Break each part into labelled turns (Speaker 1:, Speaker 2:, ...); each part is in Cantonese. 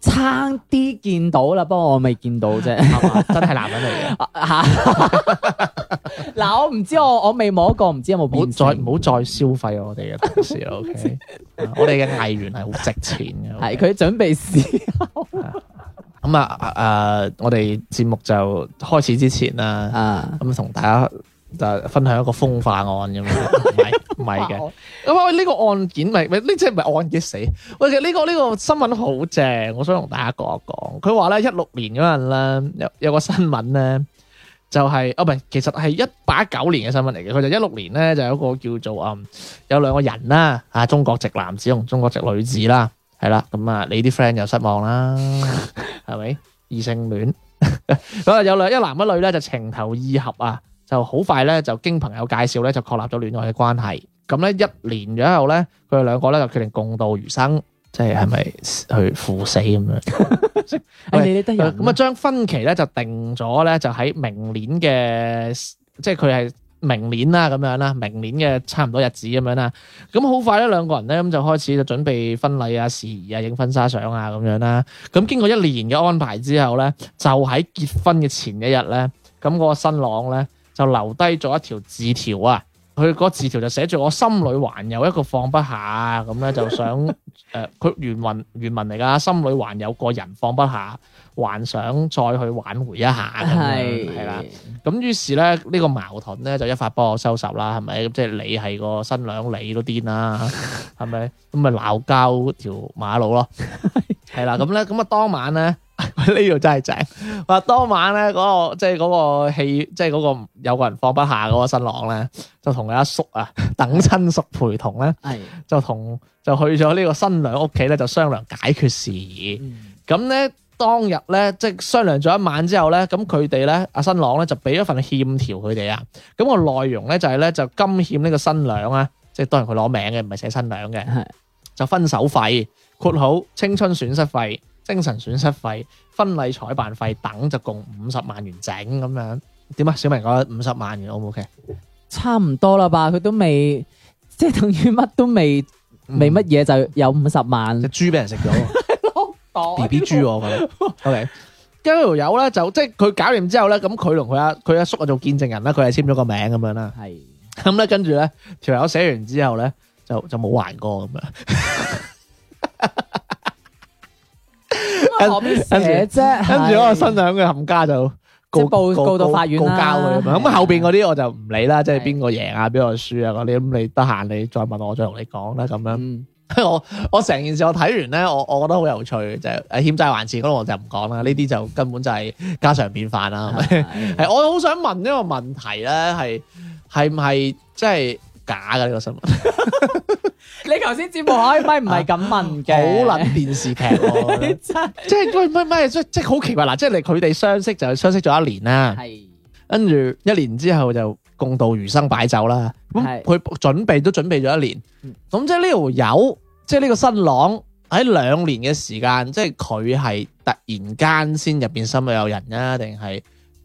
Speaker 1: 差啲見到啦，不過我未見到啫，真係
Speaker 2: 男人嚟嘅吓。
Speaker 1: 嗱、啊啊啊啊，我唔知我我未摸過，唔知有冇變。唔再唔好再消費我哋嘅同事 OK，
Speaker 2: 我哋嘅藝員係好值錢
Speaker 1: 嘅。係佢準備試。
Speaker 2: 咁啊啊！我哋節、okay? 啊啊啊、目就開始之前啦，咁同、啊、大家。就分享一個風化案咁樣，唔係唔係嘅。咁啊呢個案件咪咪呢隻唔係案件死。喂、這個，其實呢個呢個新聞好正，我想同大家講一講。佢話咧一六年嗰陣咧有有個新聞咧就係、是、哦，唔係其實係一八九年嘅新聞嚟嘅。佢就一六年咧就有一個叫做啊、嗯、有兩個人啦、啊，啊中國籍男子同中國籍女子啦、啊，係啦咁啊，你啲 friend 又失望啦，係咪異性戀？咁 啊有兩一男一女咧就情投意合啊！就好快咧，就經朋友介紹咧，就確立咗戀愛嘅關係。咁咧一年咗後咧，佢哋兩個咧就決定共度餘生，即係係咪去赴死咁樣？咁啊，將婚期咧就定咗咧，就喺明年嘅，即係佢係明年啦咁樣啦，明年嘅差唔多日子咁樣啦。咁好快咧，兩個人咧咁就開始就準備婚禮啊、事宜啊、影婚紗相啊咁樣啦。咁經過一年嘅安排之後咧，就喺結婚嘅前一日咧，咁、嗰個新郎咧，嗰個就留低咗一條字條啊，佢嗰字條就寫住我心裏還有一個放不下，咁咧，就想誒，佢、呃、原文原文嚟㗎，心裏還有個人放不下，還想再去挽回一下，係係是啦，咁於是咧呢、呢個矛盾咧就一發幫我收拾啦，係咪？咁即係你係個新娘，你都癲啦，係咪？咁咪鬧交條馬路咯，係 啦，咁咧，咁啊當晚咧。呢度真係正。話 當晚咧，嗰、嗰個即係嗰個戲，即係嗰個有個人放不下嗰個新郎咧，就同佢阿叔啊等親屬陪同咧，係就同就去咗呢個新娘屋企咧，就商量解決事宜。咁咧、嗯、當日咧，即係商量咗一晚之後咧，咁佢哋咧阿新郎咧就俾咗份欠條佢哋啊。咁、嗰個內容咧就係咧就今欠呢個新娘啊，即係當然佢攞名嘅，唔係寫新娘嘅，係就分手費括號青春損失費。精神損失費、婚禮採辦費等就共五十萬元整咁樣，點啊？小明講五十萬元 O 唔 O K？差唔多
Speaker 1: 啦吧，佢都未即係等於乜都未未乜嘢，就有五十萬
Speaker 2: 隻豬俾人食咗，B B 豬，我覺得，O K。跟住條友咧就即係佢搞掂之後咧，咁佢同佢阿佢阿叔啊做見證人啦，佢係簽咗個名咁樣啦，係咁咧，跟住咧條友寫完之後咧就就冇還過咁樣。學咩跟住嗰個新娘嘅冚家就告就告到法院啦，告告咁樣，咁後邊嗰啲我就唔理啦，是的 即係邊個贏啊，邊個輸啊嗰啲，咁你得閒你再問我，我再同你講啦咁樣。嗯、 我我成件事我睇完咧，我我覺得好有趣，就係、誒、欠債還錢嗰度我就唔講啦，呢啲就根本就係家常便飯啦，係是的 我好想問呢個問題咧，係係唔係即係？假嘅呢、這個新聞， 你頭先節目開咪唔係咁問嘅，好撚、 啊、電視劇，即係喂，唔係即係即係好奇怪嗱，即係你佢哋相識就係相識咗一年啦，跟住是一年之後就共度餘生擺酒啦，咁佢是、嗯、準備都準備咗一年，咁是即係呢條友，即係呢個新郎喺兩年嘅時間，即係佢係突然間先入邊心裏有人啊，定係？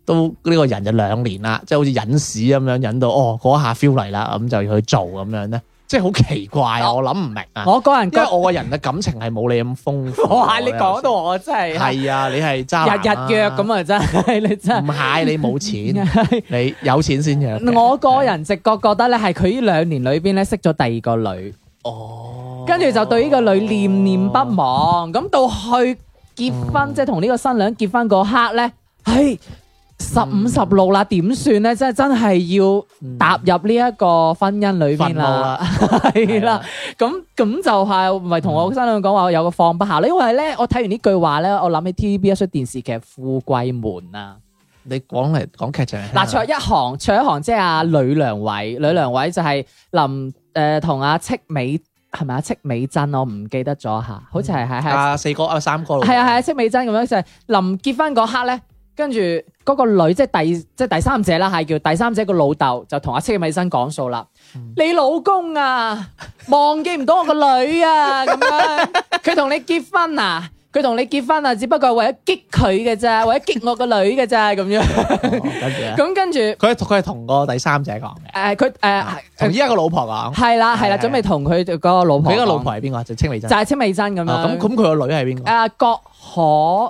Speaker 2: 都呢個人就兩年啦，即係好似忍屎咁樣忍到哦，嗰下 feel 嚟啦，咁就要去做咁樣咧，即係好奇怪，我諗唔明啊！我個人，因為我個人嘅感情係冇你咁豐富。哇！你講到
Speaker 1: 我真係
Speaker 2: 係啊！你係渣男日日約咁啊！真係你真係唔係你冇錢，你有錢先嘅。
Speaker 1: 我個人直覺覺得咧，係佢呢兩年裏邊咧，識咗第二個女哦，跟住就對呢個女念念不忘。咁到去結婚，即係同呢個新娘結婚嗰刻咧，係。十五十六啦，點算咧？即係真係要踏入呢一個婚姻裏面啦，係啦。咁咁就係唔係同我新娘講話我有個放不下咧？因為咧，我睇完呢句話咧，我諗起 TVB 一出電視劇《富貴門》
Speaker 2: 啊。你講嚟講劇情嗱，卓一
Speaker 1: 行，卓一行，即係阿呂良偉、呂良偉就係林誒同阿戚美係咪啊？戚美珍，我唔記得咗吓，
Speaker 2: 好似係係係阿四哥阿三哥係啊
Speaker 1: 係啊，戚美珍咁樣就係林結婚嗰刻咧。跟住嗰個女，即係第即係第三者啦，係叫第三者個老豆就同阿戚美珍講數啦。你老公啊，忘記唔到我個女啊，咁樣佢同你結婚啊，佢同你結婚啊，只不過係為咗激佢嘅啫，為咗激我個女嘅啫，咁樣。
Speaker 2: 咁跟住佢佢係同個第三者講
Speaker 1: 嘅，誒佢誒係同依家個老婆講，係啦係啦，準備同佢個老婆。佢個老婆係
Speaker 2: 邊個？就戚美珍，就係戚美
Speaker 1: 珍咁樣。咁咁佢個女係邊個？阿郭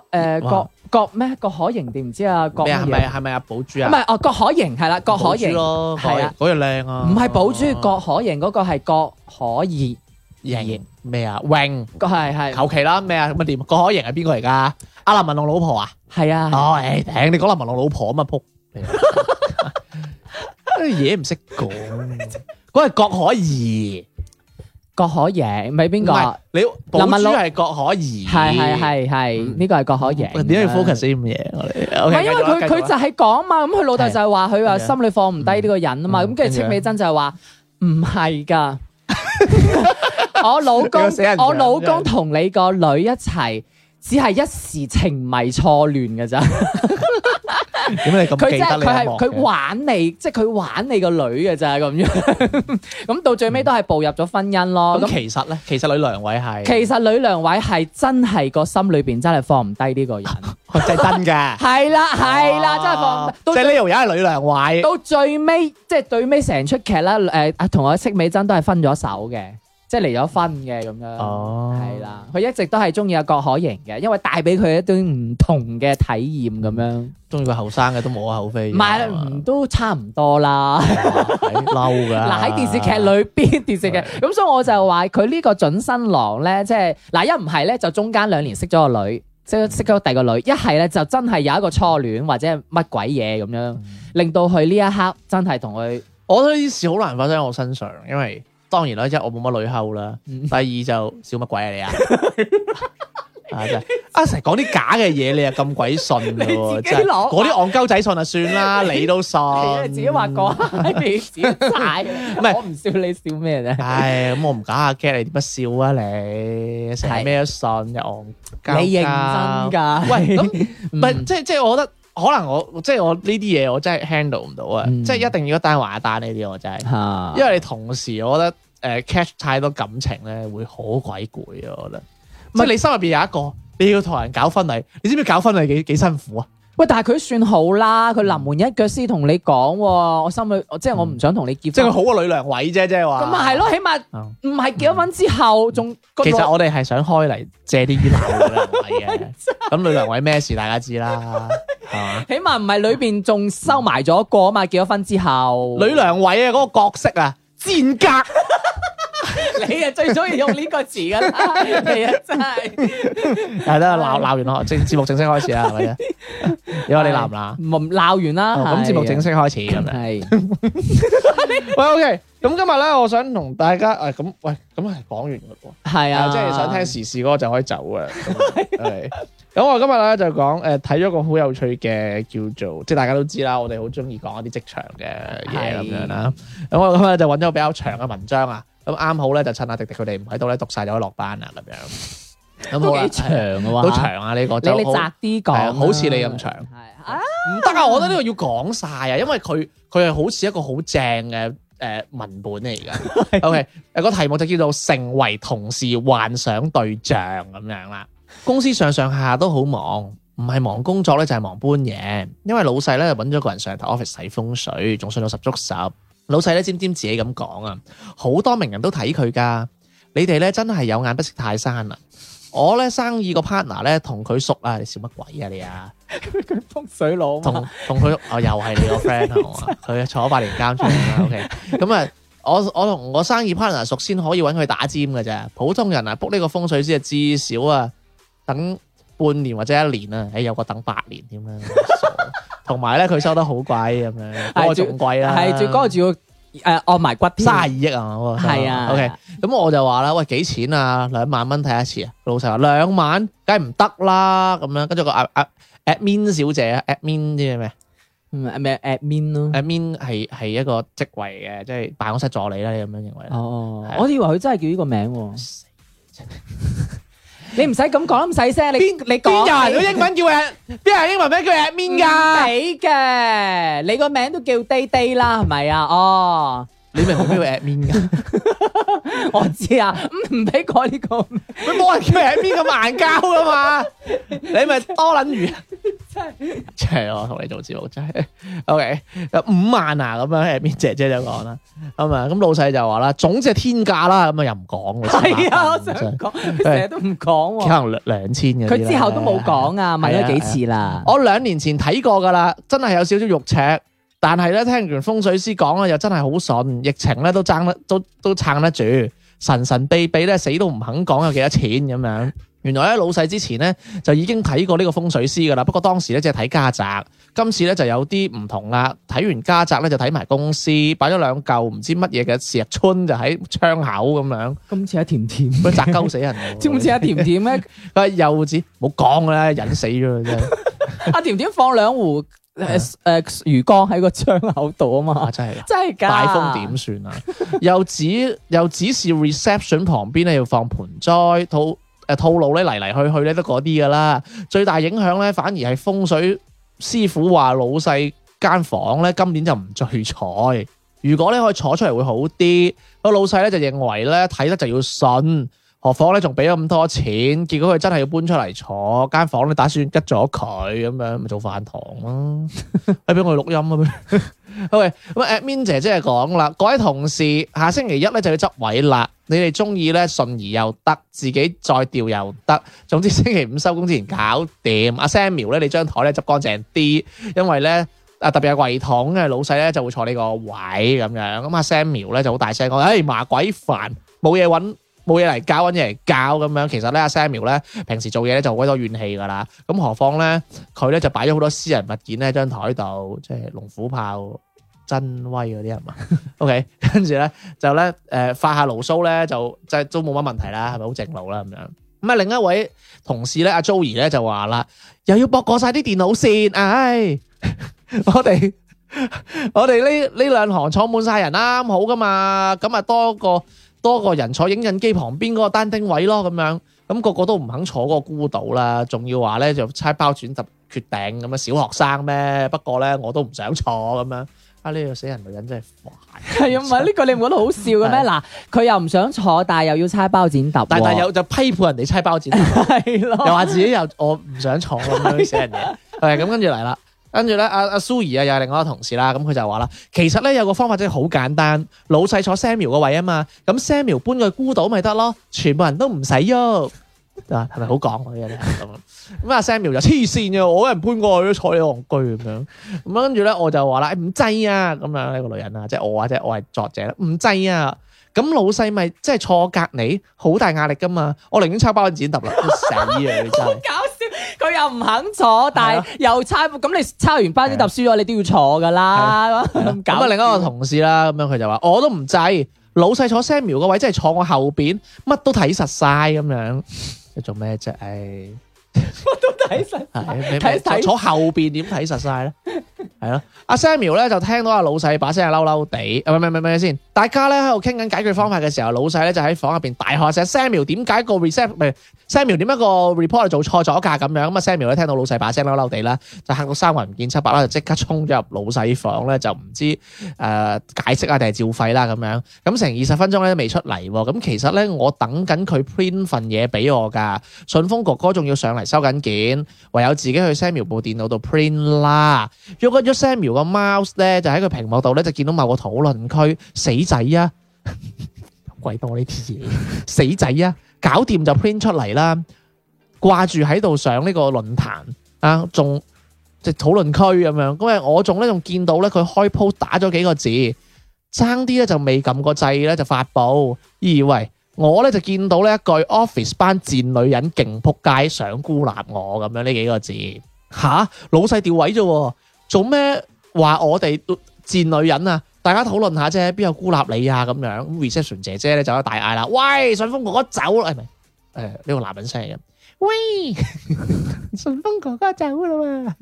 Speaker 1: 可誒郭。郭咩？郭可盈定唔知啊？郭咩？係咪係
Speaker 2: 咪阿寶珠啊？唔係
Speaker 1: 哦，郭可盈係啦，郭可盈，係啊，嗰
Speaker 2: 日靚啊，唔係寶珠，郭可盈嗰個係郭可怡盈盈咩啊？榮，係係，求其啦咩啊？咁啊點？郭可盈係邊個嚟噶？阿林文龍老婆啊？係啊，哦，頂你講林文龍老婆啊嘛扑，嘢唔識講，嗰係郭可怡。郭可盈唔係邊個？唔係你問呢個係郭可怡，係係係係呢個係郭可盈。點解要 focus 呢啲咁嘢？因為佢佢就係
Speaker 1: 講啊嘛，咁佢老豆就係話佢話心裏放唔低呢個人啊嘛，咁跟住戚美珍就係話唔係噶，我老
Speaker 2: 公我老公
Speaker 1: 同你個女一齊，只係一時情迷錯亂㗎咋。
Speaker 2: 點解你咁記得佢即係佢係佢
Speaker 1: 玩你，即係佢玩你個女嘅咋咁樣？咁 到最尾都係步入咗婚姻咯。咁、嗯、那其
Speaker 2: 實咧，其實女良偉係，其實
Speaker 1: 呂良偉係真係個心裏邊真係放唔低呢個人， 真係、 哦、真嘅。係
Speaker 2: 啦係啦，真係放
Speaker 1: 唔低。即係呢樣嘢，阿呂良偉到最尾，即係最尾成出劇啦。誒、呃，同我戚美珍都係分咗手嘅。即係離咗婚嘅咁樣，係啦、哦，佢一直都係中意阿郭可盈嘅，因為帶俾佢一段唔同嘅體驗咁樣。
Speaker 2: 中意佢後生嘅都冇口非，唔
Speaker 1: 係都差唔多啦，
Speaker 2: 嬲噶。嗱喺 電視劇
Speaker 1: 裏邊，的電視劇咁的、嗯，所以我就話佢呢個準新郎咧，即係嗱一唔係咧就中間兩年識咗個女，即係識咗第二個女，一係咧就真係有一個初戀
Speaker 2: 或者乜鬼嘢咁樣，嗯、令到佢呢一刻真係同佢。我覺得呢啲事好難發生喺我身上，因為。當然啦，即係我冇乜女後啦。第二就笑乜鬼啊你啊，啊就阿成講啲假嘅嘢，你又咁鬼信喎，即係。嗰啲戇鳩仔信就算啦，你都信。自己
Speaker 1: 話講，你笑曬，
Speaker 2: 唔係我唔笑你笑咩啫？唉，咁我唔打下劇，你點乜笑啊你？成咩信又戇鳩？你認真㗎？喂，咁唔係即即係我覺得。可能我即係我呢啲嘢，我真係 handle 唔到啊！即係一定要一單還一單呢啲，我真係，因為你同時我覺得誒、呃、catch 太多感情咧，會好鬼攰啊！我覺得。唔係是你心入邊有一個，你要同人搞婚禮，你知唔知搞婚禮幾幾辛苦啊？喂，但係佢
Speaker 1: 算好啦，佢臨門一腳先同你講，我心裏，即係我唔想同你結、嗯、即係佢好過呂
Speaker 2: 良偉啫，即係話。咁咪係咯，
Speaker 1: 起碼唔係結咗婚之後仲。其實我
Speaker 2: 哋係想開嚟借啲樓嘅啦，咁呂良偉咩 事大家知啦，
Speaker 1: 啊、起碼唔係裏邊仲收埋咗個啊嘛，結咗婚之後。呂良偉啊，嗰個角色
Speaker 2: 啊，賤格。
Speaker 1: 你
Speaker 2: 啊最中意用呢個詞噶啦，係啊真係。係啦，鬧鬧完正即節目正式開始啦，係咪啊？你話你鬧唔鬧？鬧完啦，咁節目正式開始，咁係喂，OK，咁今日咧，我想同大家誒，咁喂，咁係講完咯。係啊，即係想聽時事嗰個就可以走啊。係咁，我今日咧就講誒，睇咗個好有趣嘅叫做，即係大家都知啦，我哋好中意講一啲職場嘅嘢咁樣啦。咁我今日就揾咗比較長嘅文章啊。咁啱好咧，就趁阿迪迪佢哋唔喺度咧，讀晒就可以落班啦。咁樣，都幾長嘅話，都長啊呢個，你窄啲講，好似你咁長，係啊，唔得啊！我覺得呢個要講晒啊，因為佢佢係好似一個好正嘅誒文本嚟㗎。OK，誒個題目就叫做成為同事幻想對象咁樣啦。公司上上下下都好忙，唔係忙工作咧，就係忙搬嘢。因為老細咧揾咗個人上台 office 洗風水，仲上到十足十。老細咧尖尖自己咁講啊，好多名人都睇佢噶，你哋咧真係有眼不識泰山啊！我咧生意個 partner 咧同佢熟啊，你笑乜鬼啊你啊？佢 風水佬、啊，同同佢哦，又係你個 friend 啊？佢 坐咗八年監出 OK，咁啊，我我同我生意 partner 熟先可以搵佢打尖噶咋，普通人啊卜呢個風水先至至少啊等半年或者一年啊，誒、哎、有個等八年添啦。 同埋咧，佢收得好貴咁樣，仲貴啦。係 最高，那個仲要誒、呃，按埋骨三十二億啊！係、那個、啊。OK，咁我就話啦，喂，幾錢啊？兩萬蚊睇一次啊？老實話兩萬，梗係唔得啦。咁樣，跟住個阿阿、啊啊、admin 小姐，admin 知係咩？唔係咩、嗯、？admin 咯。admin 係係一個職位嘅，即係辦公室助理啦。你咁樣認
Speaker 1: 為？哦，的我以為佢真係叫呢個名、啊。 你唔使咁講咁細聲，你邊哪你邊說人個英文叫阿邊 人英文名叫 admin 噶，你嘅你個名都叫 Day Day 啦，係咪啊？哦， 你咪好中意 admin 噶， 我知啊，咁唔俾講呢個，佢冇 人叫 admin 咁硬膠噶嘛，
Speaker 2: 你咪多捻住。 真係，真係 我同你做節目，真係。O、okay, K，有五萬啊，咁樣喺邊？姐姐就講啦，咁、 嗯、啊，咁老細就話啦，總之係天價啦，咁、哎、呀啊又唔講。係啊,啊,啊，我想講，成日都唔講，可能兩千嘅。佢之後都冇講啊，問咗幾次啦。我兩年前睇過噶啦，真係有少少肉赤，但係咧聽完風水師講咧，又真係好順，疫情咧都撐得，都都撐得住，神神秘秘咧死都唔肯講有幾多錢咁樣。 原來咧，老細之前咧就已經睇過呢個風水師噶啦，不過當時咧淨係睇家宅，今次咧就有啲唔同啦。睇完家宅咧就睇埋公司，擺咗兩嚿唔知乜嘢嘅石春，就喺窗口咁樣。今次阿、啊、甜甜，咪砸鳩死人！知唔知阿甜甜咧？阿柚子冇講啦，忍死咗啫！真阿、 啊、甜甜放兩壺誒誒、啊、魚缸喺個窗口度啊嘛，啊真係
Speaker 1: 真係噶大風點
Speaker 2: 算啊？又指又指示 reception 旁邊咧要放盆栽土。套路咧嚟嚟去去咧都嗰啲㗎啦，最大影響咧反而係風水師傅話老細間房咧今年就唔聚財，如果咧可以坐出嚟會好啲。個老細咧就認為咧睇得就要信。何況咧，仲俾咗咁多錢，結果佢真係要搬出嚟坐間房，你打算吉咗佢咁樣飯堂，咪做飯堂咯？俾佢錄音啊？喂，咁阿 Admin 姐即係講啦，各位同事，下星期一咧就要執位啦。你哋中意咧順而又得，自己再調又得，總之星期五收工之前搞掂。阿 Samuel 咧，你張台咧執乾淨啲，因為咧啊特別係櫃桶嘅老細咧就會坐呢個位咁樣。咁阿 Samuel 咧就好大聲講，唉、欸、麻鬼煩，冇嘢搵。冇嘢嚟搞，揾嘢嚟搞咁樣。其實咧，阿 Samuel 咧平時做嘢咧就好鬼多怨氣噶啦。咁何況咧，佢咧就擺咗好多私人物件咧喺張台度，即係龍虎豹真威嗰啲啊嘛。OK，跟住咧就咧誒發下牢騷咧就即係都冇乜問題啦，係咪好正路啦咁樣？咁啊，另一位同事咧，阿 Joey 咧就話啦，又要駁過曬啲電腦線，唉，我哋我哋呢呢兩行坐滿曬人啦，好噶嘛，咁啊多個。多個人坐影印機旁邊嗰個單丁位咯，咁樣咁個個都唔肯坐嗰個孤島啦，仲要話咧就猜包剪揼決定，咁啊小學生咩？不過咧我都唔想坐咁樣啊呢、呢個死人女人真係煩。係啊，唔係呢個你唔
Speaker 1: 覺得好笑嘅咩？嗱 是，佢又唔想坐，但係又要猜包剪揼、啊，但但又
Speaker 2: 就批判人哋猜包剪，係咯 的，又話自己又我唔想坐咁 的 樣死人嘢。係、嗯、咁、嗯嗯、跟住嚟啦。跟住咧，阿阿蘇怡啊，啊又係另外一個同事啦。咁佢就話啦，其實咧有個方法真係好簡單，老細坐 Samuel 個位啊嘛。咁 Samuel 搬去孤島咪得咯，全部人都唔使喐，係咪好講啊？咁阿 Samuel 就黐線嘅，我有人搬過去都坐你戇居咁樣。咁跟住咧，我就話啦，唔、哎、制啊咁樣呢個女人啊，即係我啊，即我係作者，唔制啊。咁老細咪即係坐我隔離，好大壓力噶嘛。我寧願抽包紙揼啦，死啊！你真係。
Speaker 1: 佢又唔肯坐，但係又差，咁、啊、你抄完班啲沓輸咗，的你都要坐噶啦。
Speaker 2: 咁啊的， 另一個同事啦，咁 樣佢就話： 我都唔制，老細坐 Samuel 個位，真係坐我後邊，乜都睇實晒咁樣。你 做咩啫？誒、哎。我都睇實，睇睇坐後邊點睇實晒咧，係咯。阿 Samuel 咧就聽到阿老細把聲係嬲嬲地，唔係唔係唔係先，大家咧喺度傾緊解決方法嘅時候，老細咧就喺房入邊大喝聲，Samuel 點解個 receipt 唔係 Samuel 點解個 report 做錯咗價咁樣，咁啊 Samuel 咧聽到老細把聲嬲嬲地啦，就行到三魂唔見七魄啦，就即刻衝咗入老細房咧，就唔知誒解釋啊定係照肺啦咁樣，咁成二十分鐘咧都未出嚟，咁其實咧我等緊佢 print 份嘢俾我噶，順豐哥哥仲要上嚟。收緊件，唯有自己去 Samuel 部電腦度 print 啦。用咗 Samuel 個 mouse 咧，就喺佢屏幕度咧，就見到某個討論區死仔啊！鬼多呢啲嘢，死仔啊！ 仔啊搞掂就 print 出嚟啦，掛住喺度上呢個論壇啊，仲即係討論區咁樣。咁啊，我仲咧仲見到咧，佢開 post 打咗幾個字，爭啲咧就未撳個掣咧就發布，以為。我咧就見到呢一句 Office 班賤女人勁撲街，想孤立我咁樣，呢幾個字吓。老細調位咋做咩？話我哋賤女人啊，大家討論下啫，邊有孤立你啊？咁樣 Reception 姐姐咧就喺大嗌啦，喂，順豐哥哥走啦，係咪？誒，呢個男人聲嘅，喂，順豐 哥哥走啦嘛，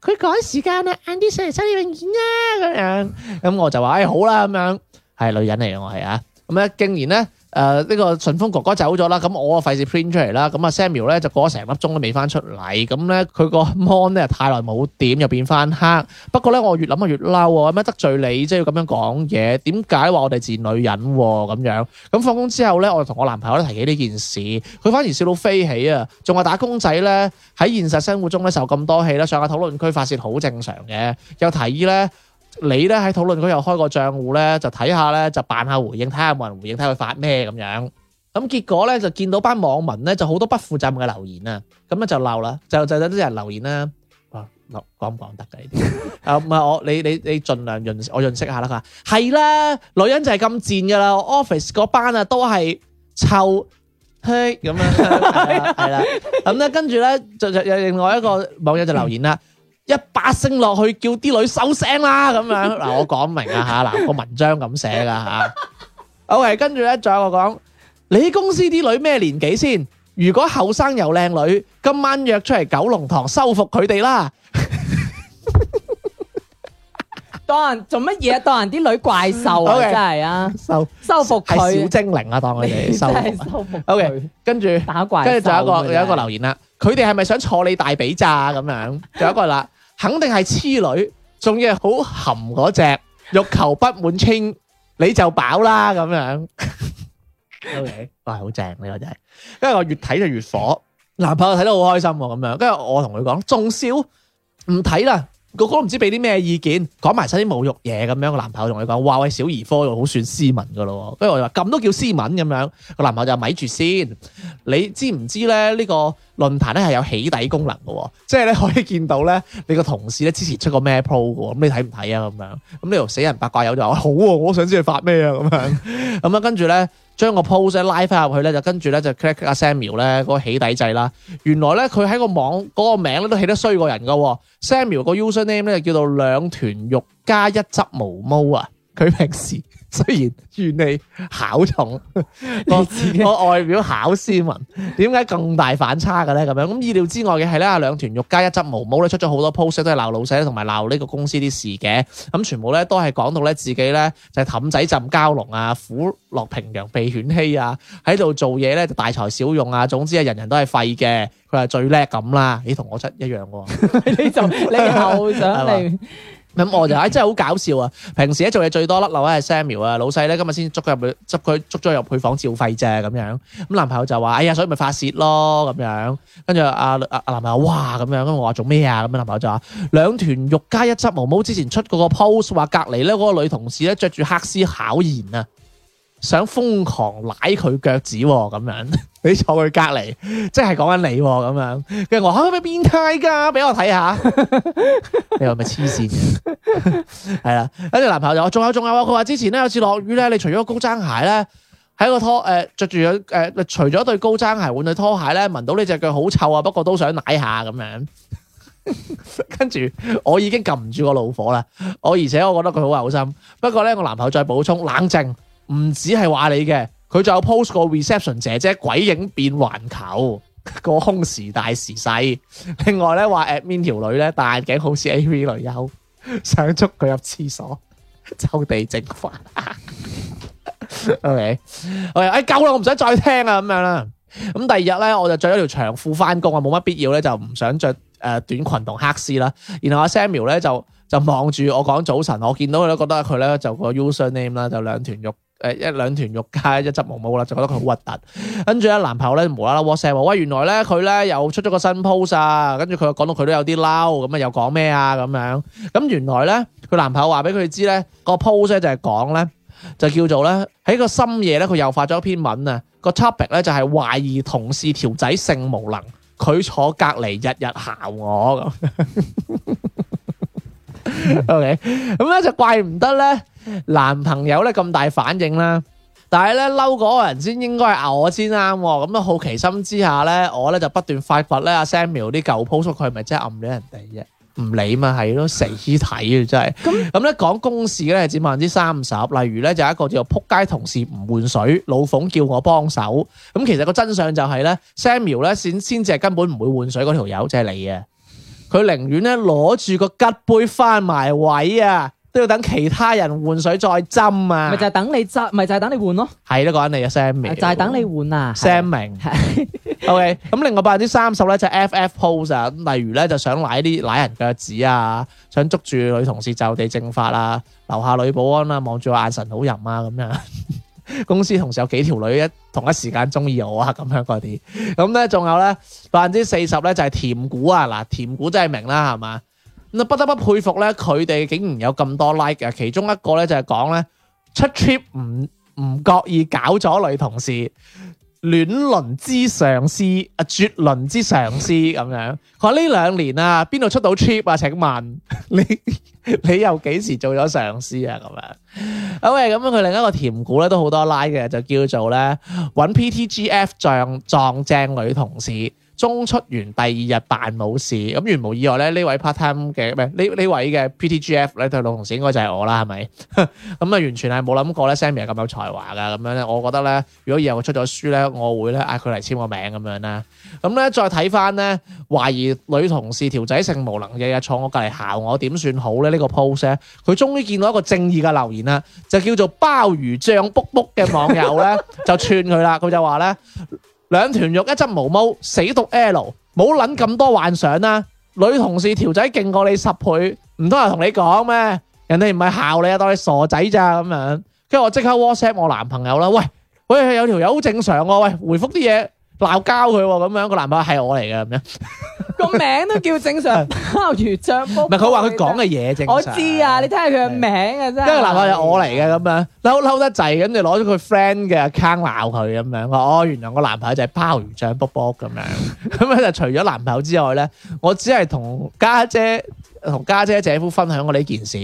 Speaker 2: 佢趕時間啊，晏啲 d y 上嚟收你文件啊，咁樣。咁我就話誒、哎、好啦咁樣，係、哎、女人嚟我係啊，咁咧竟然咧。誒呢、呃這個順風哥哥走咗啦，咁我費事 print 出嚟啦，咁啊 Samuel 咧就過咗成粒鐘都未翻出嚟，咁咧佢個 mon 咧太耐冇點又變翻黑，不過咧我越諗啊越嬲喎，點得罪你即係、就是、要咁樣講嘢？點解話我哋賤女人喎咁樣？咁放工之後咧，我同我男朋友都提起呢件事，佢反而笑到飛起啊，仲話打工仔咧喺現實生活中咧受咁多氣啦，上下討論區發泄好正常嘅，又提議咧。你咧喺討論區又開個賬戶咧，就睇下咧，就扮下回應，睇下冇人回應，睇佢發咩咁樣。咁結果咧就見到班網民咧就好多不負責任嘅留言啊。咁啊就鬧啦，就就等啲人留言啦。
Speaker 3: 哇，
Speaker 2: 講唔講得噶呢啲？啊唔係我，你你你盡量認我認識下啦。佢話係啦，女人就係咁賤噶啦。Office 嗰班啊都係臭嘿咁樣，係啦。咁咧跟住咧就就有另外一個網友就留言啦。一把聲落去叫啲女收聲啦咁樣嗱，我講明啊吓嗱個文章咁寫噶吓。O K，跟住咧仲有個講，你公司啲女咩年紀先？如果後生又靚女，今晚約出嚟九龍塘收服佢哋啦。
Speaker 1: 當人做乜嘢？當人啲女怪獸啊，真係啊，收收服佢係小
Speaker 2: 精靈啊，當佢哋收。
Speaker 1: O K，跟住打怪，跟住仲有個有一個留言
Speaker 2: 啦，佢哋係咪想坐你大髀咋咁樣？仲有一個啦。肯定係痴女，仲要係好含嗰隻，欲求不滿清，你就飽啦咁樣。都 係、okay.，哇好正呢個真係，因為我越睇就越火，男朋友睇得好開心咁樣，跟住我同佢講，仲笑唔睇啦。哥哥唔知俾啲咩意見，講埋晒啲侮辱嘢咁樣。個男朋友同我講：哇，喂，小兒科又好算斯文噶咯。跟住我就話：咁都叫斯文咁樣。個男朋友就咪住先。你知唔知咧？呢個論壇咧係有起底功能嘅，即係咧可以見到咧你個同事咧之前出過咩 pro 嘅。咁你睇唔睇啊？咁樣咁呢度死人八卦友就話：好喎、啊，我想知你發咩啊？咁樣咁啊、 嗯，跟住咧。將個 pose 拉翻入去咧，就跟住咧就 click 阿 Samuel 咧嗰個起底掣啦。原來咧佢喺個網嗰個名咧都起得衰過人噶。 Samuel 個 user name 咧就叫做兩團肉加一執毛毛啊！佢平時。雖然怨你考重， 個個外表考斯文，點解咁大反差嘅咧？咁樣咁意料之外嘅係咧，阿兩團肉加一執毛毛咧，出咗好多 post，都係鬧老細，同埋鬧呢個公司啲事嘅。咁全部咧都係講到咧自己咧就氹仔浸蛟龍啊，苦落平洋被犬欺啊，喺度做嘢咧就大材小用啊，總之啊，人人都係廢嘅。佢係最叻咁啦，你同我出一樣喎，你就你後上嚟。咁、嗯嗯、我就唉、哎、真係好搞笑啊！平時咧做嘢最多甩漏咧係 Samuel 啊，老細咧今日先捉佢入，執佢捉咗入去房照肺啫咁樣。咁男朋友就話：哎呀，所以咪發泄咯咁樣。跟住阿阿男朋友：哇咁樣。咁我話做咩啊？咁樣男朋友就話：兩團肉加一執毛毛，之前出嗰個 post 話隔離咧嗰個女同事咧着住黑絲考驗啊！想瘋狂舐佢腳趾咁、啊、樣， 你坐佢隔離，即係講緊你咁、啊、樣。可唔可以變態㗎？俾我睇下， 你話咪黐線？係 啦，跟住男朋友就仲有仲有，佢話之前咧有次落雨咧，你除咗高踭鞋咧，喺個拖誒、呃、著住誒、呃，除咗對高踭鞋換對拖鞋咧，聞到呢隻腳好臭啊！不過都想舐下咁樣。跟 住我已經撳唔住個怒火啦。我而且我覺得佢好嘔心，不過咧我男朋友再補充，冷靜。唔止係話你嘅，佢仲有 post 個 reception 姐姐鬼影變環球個空時大時細。另外咧話，誒 Admin 條女咧戴眼鏡好似 AV 女優，想捉佢入廁所就地正法。O.K. 我話誒，夠啦，我唔想再聽啊咁樣啦。咁第二日咧，我就著咗條長褲翻工啊，冇乜必要咧就唔想著誒短裙同黑絲啦。然後阿 Samuel 咧就就望住我講早晨，我見到佢都覺得佢咧就個 user name 啦就兩團肉。誒，一兩團肉街，一執毛毛啦，就覺得佢好核突。跟住咧，男朋友咧無啦啦，WhatsApp 我，喂，原來咧佢咧又出咗個新 pose 啊。跟住佢又講到佢都有啲嬲，咁啊又講咩啊咁樣。咁原來咧，佢男朋友話俾佢知咧，個 pose 咧就係講咧，就叫做咧喺個深夜咧，佢又發咗篇文啊。個 topic 咧就係懷疑同事條仔性無能，佢坐隔籬日日姣我咁。 OK，咁咧就怪唔得咧。男朋友咧咁大反應啦，但係咧嬲嗰個人先應該係我先啱，咁啊好奇心之下咧，我咧就不斷發掘咧阿 Samuel 啲舊 post，佢係咪真係暗懟人哋啫？唔理嘛係咯，死睇啊真係。咁咁咧講公事咧佔百分之三十，30，例如咧就一個叫做扑街同事唔換水，老馮叫我幫手，咁其實個真相就係咧 Samuel 咧先先至係根本唔會換水嗰條友，即係你啊，佢寧願咧攞住個吉杯翻埋位啊！都要等其他人換水再斟啊！咪就係等你斟，咪就係等你換咯。係咯，講緊你啊，Sammy。就係等你換啊，Sammy。O K，咁另外百分之三十咧就 F F pose 啊，例如咧就想攋啲攋人腳趾啊，想捉住女同事就地正法啊，樓下女保安啊，望住我眼神好淫啊，咁樣。公司同時有幾條女一同一時間中意我啊，咁樣嗰啲。咁咧仲有咧百分之四十咧就係甜股啊，嗱甜股真係明啦，係嘛？不得不佩服咧，佢哋竟然有咁多 like 嘅、啊。其中一個咧就係講咧出 trip 唔唔覺意搞咗女同事，戀倫之上司啊，絕倫之上司咁樣。佢話呢兩年啊，邊度出到 trip 啊？請問你你又幾時做咗上司啊？咁樣。好，咁樣佢另一個甜股咧都好多 like 嘅，就叫做咧搵 PTGF 撞撞正女同事。中出完第二日辦冇事。咁如無意外咧，呢位 part time 嘅咩呢，呢位嘅 PTGF 咧，f, 對老同事應該就係我啦，係咪？咁啊，完全係冇諗過咧，Sammy 咁有才華噶，咁樣咧，我覺得咧，如果以後出咗書咧，我會咧嗌佢嚟簽個名咁樣啦。咁咧再睇翻咧，懷疑女同事條仔性無能，嘅，日坐我隔離鬧我，點算好咧？這個、呢個 post 咧，佢終於見到一個正義嘅留言啦，就叫做鮑魚醬卜卜嘅網友咧，就串佢啦，佢就話咧。 兩團肉一針毛毛死讀 L，冇諗咁多幻想啦，啊。女同事條仔勁過你十倍，唔通係同你講咩？人哋唔係姣你，啊，當你傻仔咋咁樣？跟住我即刻 WhatsApp 我男朋友啦。喂喂，有條友好正常啊，喂，回覆啲嘢鬧交佢喎，咁樣個男朋友係我嚟嘅，咁樣個名都叫正常鮑魚醬卜卜。唔係佢話佢講嘅嘢正常。我知
Speaker 1: 啊，你聽下佢嘅名啊，啫，真係。因為男朋友係我嚟
Speaker 2: 嘅，咁樣嬲嬲得滯，咁就攞咗佢 friend 嘅 account 鬧佢咁樣，哦，原來我男朋友就係鮑魚醬卜卜咁樣。咁樣就除咗男朋友之外咧，我只係同家姐、同家姐姐夫分享過呢件事，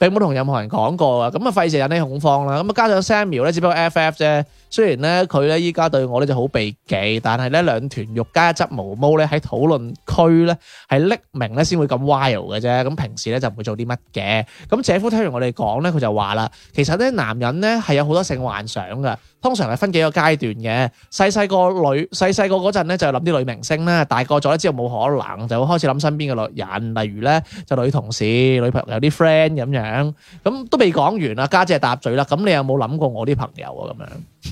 Speaker 2: 並冇同任何人講過啊。咁啊，費事引起恐慌啦。咁啊，加上 Samuel 咧，只不過 FF 啫。雖然咧佢咧依家對我咧就好避忌，但係咧兩團肉加一執毛毛咧喺討論區咧係匿名咧先會咁 wild 嘅啫，咁平時咧就唔會做啲乜嘅。咁姐夫聽完我哋講咧，佢就話啦：其實咧男人咧係有好多性幻想噶，通常係分幾個階段嘅。細細個女細細個嗰陣咧就諗啲女明星咧，大個咗之後冇可能，就會開始諗身邊嘅女人，例如咧就女同事、女朋友、有啲 friend 咁樣。咁都未講完啦，家姐答嘴啦。咁你有冇諗過我啲朋友啊？咁樣？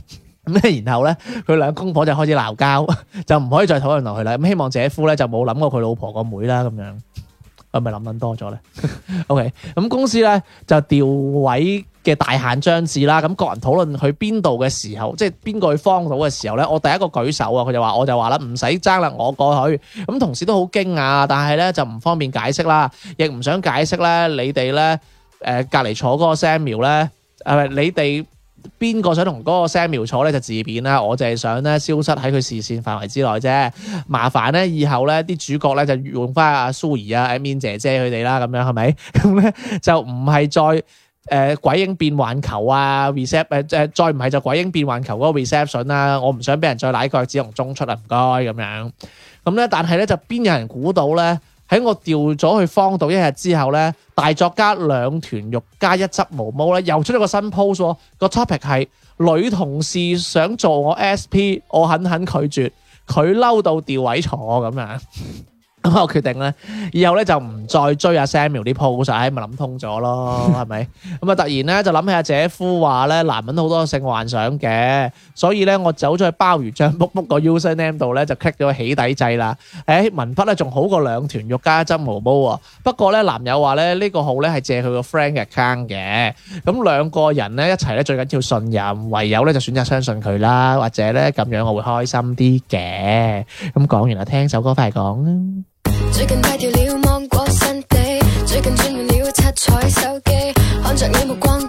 Speaker 2: 咁咧，然後咧，佢兩公婆就開始鬧交，就唔可以再討論落去啦。咁希望姐夫咧就冇諗過佢老婆個妹啦。咁樣，係咪諗諗多咗咧。OK，咁公司咧就調位嘅大限將至啦。咁各人討論去邊度嘅時候，即係邊個去荒島嘅時候咧，我第一個舉手啊，佢就話，我就話啦，唔使爭啦，我過去。咁同事都好驚訝，但係咧就唔方便解釋啦，亦唔想解釋咧。你哋咧，誒隔離坐嗰個 Samuel 咧，係咪你哋？邊個想同嗰個 Samuel 坐咧就自貶啦？我就係想咧消失喺佢視線範圍之內啫。麻煩咧，以後咧啲主角咧就換翻阿 Sue 怡啊、阿 Min 姐姐佢哋啦，咁樣係咪？咁 咧就唔係再誒、呃、鬼影變環球啊，reception 誒、呃、誒，再唔係就鬼影變環球嗰個 reception 啦，啊。我唔想俾人再奶過子龍中出啊，唔該咁樣。咁咧，但係咧就邊有人估到咧？喺我調咗去荒島一日之後呢大作家兩團肉加一撮毛毛呢又出咗個新 post，個 topic 係女同事想做我 SP，我狠狠拒絕，佢嬲到掉位坐咁樣。 我決定咧，以後咧就唔再追阿 Samuel 啲 post，唉，咪諗通咗咯，係咪？咁啊，突然咧就諗起阿姐夫話咧，男人好多性幻想嘅，所以咧我走咗去鮑魚醬卜卜個 user name 度咧就 cut 咗個起底掣啦。誒文筆咧仲好過兩團肉加一執毛毛喎。不過咧男友話咧呢個號咧係借佢個 friend 嘅坑嘅。咁兩個人咧一齊咧最緊要信任，唯有咧就選擇相信佢啦，或者咧咁樣我會開心啲嘅。咁講完啊，聽首歌返嚟講。
Speaker 4: 最近戒掉了芒果新地，最近轉換了七彩手機，看着你目光。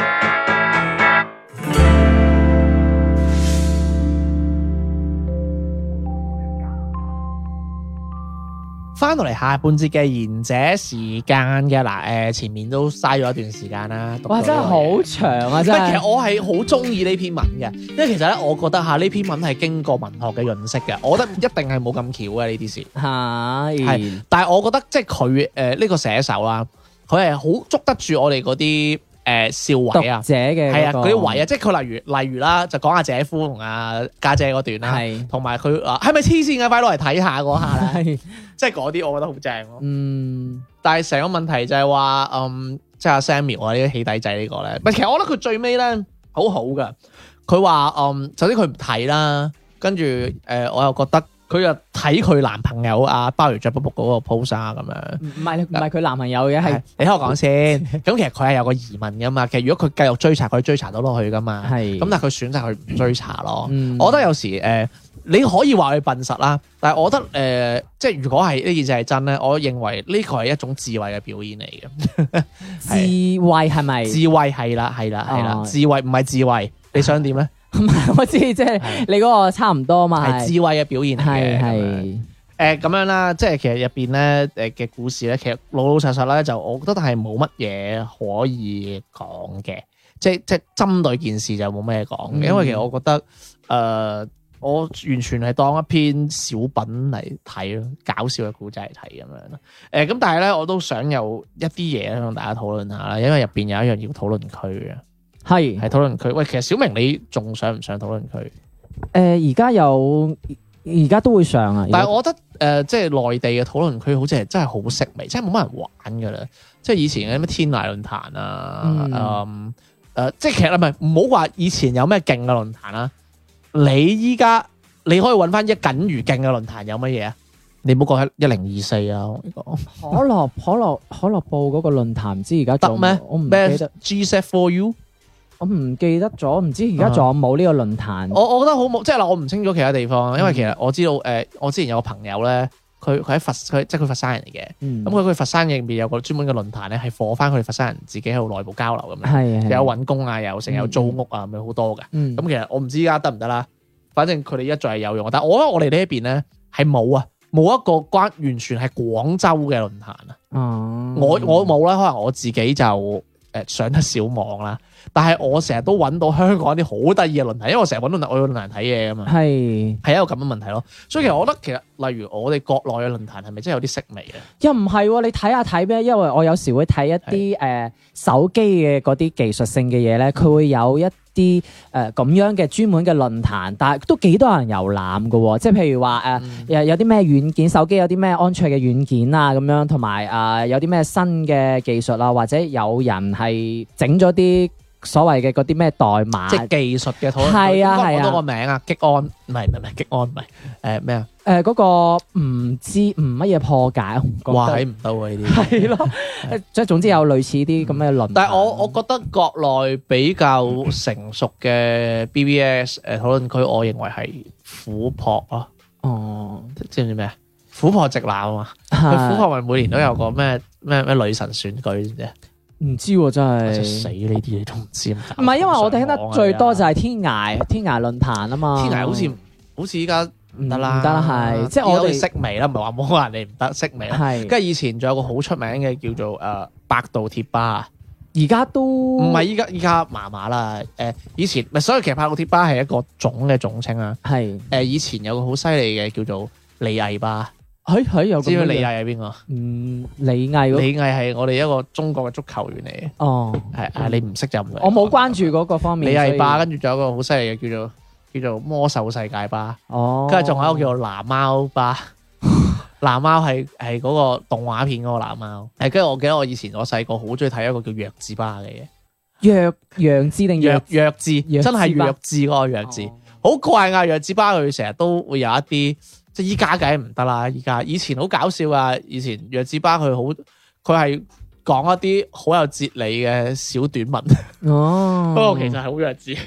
Speaker 2: 翻到嚟下半節嘅賢者時間嘅，嗱誒，前面都嘥咗一段時間啦。哇！真係好長啊！真係。其實我係好中意呢篇文嘅，因為其實咧，我覺得嚇呢、啊、篇文係經過文學嘅潤色嘅，我覺得一定係冇咁巧嘅呢啲事。係。係。但係我覺得即係佢誒呢個寫手啦、啊，佢係好捉得住我哋嗰啲。誒少偉啊，係、那個、啊，嗰啲偉啊，即係佢例如例如啦，就講阿姐夫同阿家姐嗰段啦，同埋佢啊，係咪黐線嘅？快落嚟睇下嗰下啦，是即係嗰啲我覺得好正咯、啊。嗯，但係成個問題就係話，嗯，即係阿 Sammy 呢啲起底仔個呢個咧，其實我覺得佢最尾咧好好噶。佢話，嗯，首先佢唔睇啦，跟住誒，我又覺得。佢又睇佢男朋友啊，包完着卜卜嗰個 pose 咁、啊、樣。
Speaker 1: 唔係唔係佢男朋友嘅，係你聽我講
Speaker 2: 先。咁其實佢係有個疑問噶嘛。其實如果佢繼續追查，佢追查到落去噶嘛。係是。咁但係佢選擇去唔追查咯。嗯、我覺得有時誒、呃，你可以話佢笨實啦，但係我覺得誒、呃，即係如果係呢件事係真咧，我認為呢個係一種智慧嘅表演嚟嘅。 是智慧係咪？智慧係啦，係啦，係啦。哦、智慧唔係智慧，你想點咧？啊唔係，
Speaker 1: 我知即係你嗰個差唔多嘛，係智
Speaker 2: 慧嘅表現嚟係誒，咁是是 樣啦，即係其實入邊咧，誒嘅故事咧，其實老老實實咧，就我覺得係冇乜嘢可以講嘅。即係即係針對件事就冇咩講嘅，嗯、因為其實我覺得誒、呃，我完全係當一篇小品嚟睇咯，搞笑嘅故仔嚟睇咁樣。誒，咁但係咧，我都想有一啲嘢同大家討論下啦，因為入邊有一樣要討論區嘅。係係討論區，喂，其實小明你仲上唔上討論區？誒、
Speaker 1: 呃，而家有，而家都會上啊，但係我覺得
Speaker 2: 誒、呃，即係內地嘅討論區好似係真係好息微，真係冇乜人玩噶啦。即係以前嘅咩天涯論壇啊，誒，誒，即係其實唔係，唔好話以前有咩勁嘅論壇啦。你依家你可以揾翻一僅餘勁嘅論壇有乜嘢啊？你唔好
Speaker 1: 講一零二四啊，可樂可樂可樂部嗰個論壇，唔知而家得咩？嗎我唔記得。G set for you。我唔記得咗，唔知而家仲有冇呢個論壇？我
Speaker 2: 我覺得好冇，即係嗱，我唔清楚其他地方，因為其實我知道誒，我之前有個朋友咧，佢佢喺佛，佢即係佢佛山人嚟嘅。咁佢佢佛山入面有個專門嘅論壇咧，係火翻佢哋佛山人自己喺度內部交流咁樣，有揾工啊，又成日有租屋啊，咁樣好多嘅。咁其實我唔知依家得唔得啦，反正佢哋一再係有用。但係我覺得我哋呢一邊咧係冇啊，冇一個關完全係廣州嘅論壇啊。我我冇啦，可能我自己就誒上得少網啦。但係我成日都揾到香港啲好得意嘅論壇，因為我成日揾到我有論壇睇嘢噶嘛，係係是一個咁嘅問題咯。所以其實我覺得其實例如我哋國內嘅論壇係咪真係有啲色味嘅？
Speaker 1: 又唔係、啊、你睇下睇咩？因為我有時會睇一啲誒是、呃、手機嘅嗰啲技術性嘅嘢咧，佢會有一啲誒咁樣嘅專門嘅論壇，但係都幾多人遊覽㗎喎、啊。即係譬如話誒、呃，有啲咩軟件，手機有啲咩安卓嘅軟件啊咁樣，同埋誒有啲咩、呃、新嘅技術啊，或者有人係整咗啲。所謂嘅嗰啲咩代碼，即係技術嘅討論區，論啊，冇嗰個名啊激唔係唔
Speaker 2: 係唔係？激安，唔係唔係唔係激安，唔係誒咩啊？
Speaker 1: 誒嗰個唔知唔乜嘢破解啊？哇，睇唔
Speaker 2: 到啊呢啲，係
Speaker 1: 咯，即係總之有類似啲咁嘅論。但
Speaker 2: 係我我覺得國內比較成熟嘅 BBS 誒討論區，我認為係琥珀啊，哦、嗯，知唔知咩啊？琥珀直男啊嘛，佢琥珀咪每年都有個咩咩咩女神選舉嘅。
Speaker 1: 唔知喎、啊，真係死
Speaker 2: 呢啲你都唔知。
Speaker 1: 唔係、啊、因為我哋聽得最多就係天涯，天涯論壇
Speaker 2: 啊嘛。天涯好似對好似依家唔得啦，唔得啦，係即係我哋式微啦，唔係話冇可能你唔得式微。係，跟住 是以前仲有個好出名嘅叫做誒、呃、百度貼吧，而家
Speaker 1: 都唔係依
Speaker 2: 家依家麻麻啦。誒、呃、以前咪，所以其實百度貼吧係一個總嘅總稱啊。係誒是、呃、以前有個好犀利嘅叫做李毅吧。
Speaker 1: 誒誒，又知唔知李毅係邊個？嗯，
Speaker 2: 李毅，李毅係我哋一個中國嘅足球員嚟嘅。哦，係啊，你唔識就唔。我冇關注嗰個方面。李毅吧，跟住仲有個好犀利嘅叫做叫做魔獸世界吧。
Speaker 1: 哦，跟住仲
Speaker 2: 有一個叫做藍貓吧。藍貓係係嗰個動畫片嗰個藍貓。誒，跟住我記得我以前我細個好中意睇一個叫弱智吧嘅嘢。
Speaker 1: 弱弱智定弱弱智？真係弱
Speaker 2: 智嗰個弱智。好怪啊，弱智吧佢成日都會有一啲。即係依家梗係唔得啦！依家以前好搞笑噶，以前《弱智班》佢好，佢係講一啲好有哲理嘅小短文。
Speaker 1: 哦，不過 其
Speaker 2: 實係好弱智。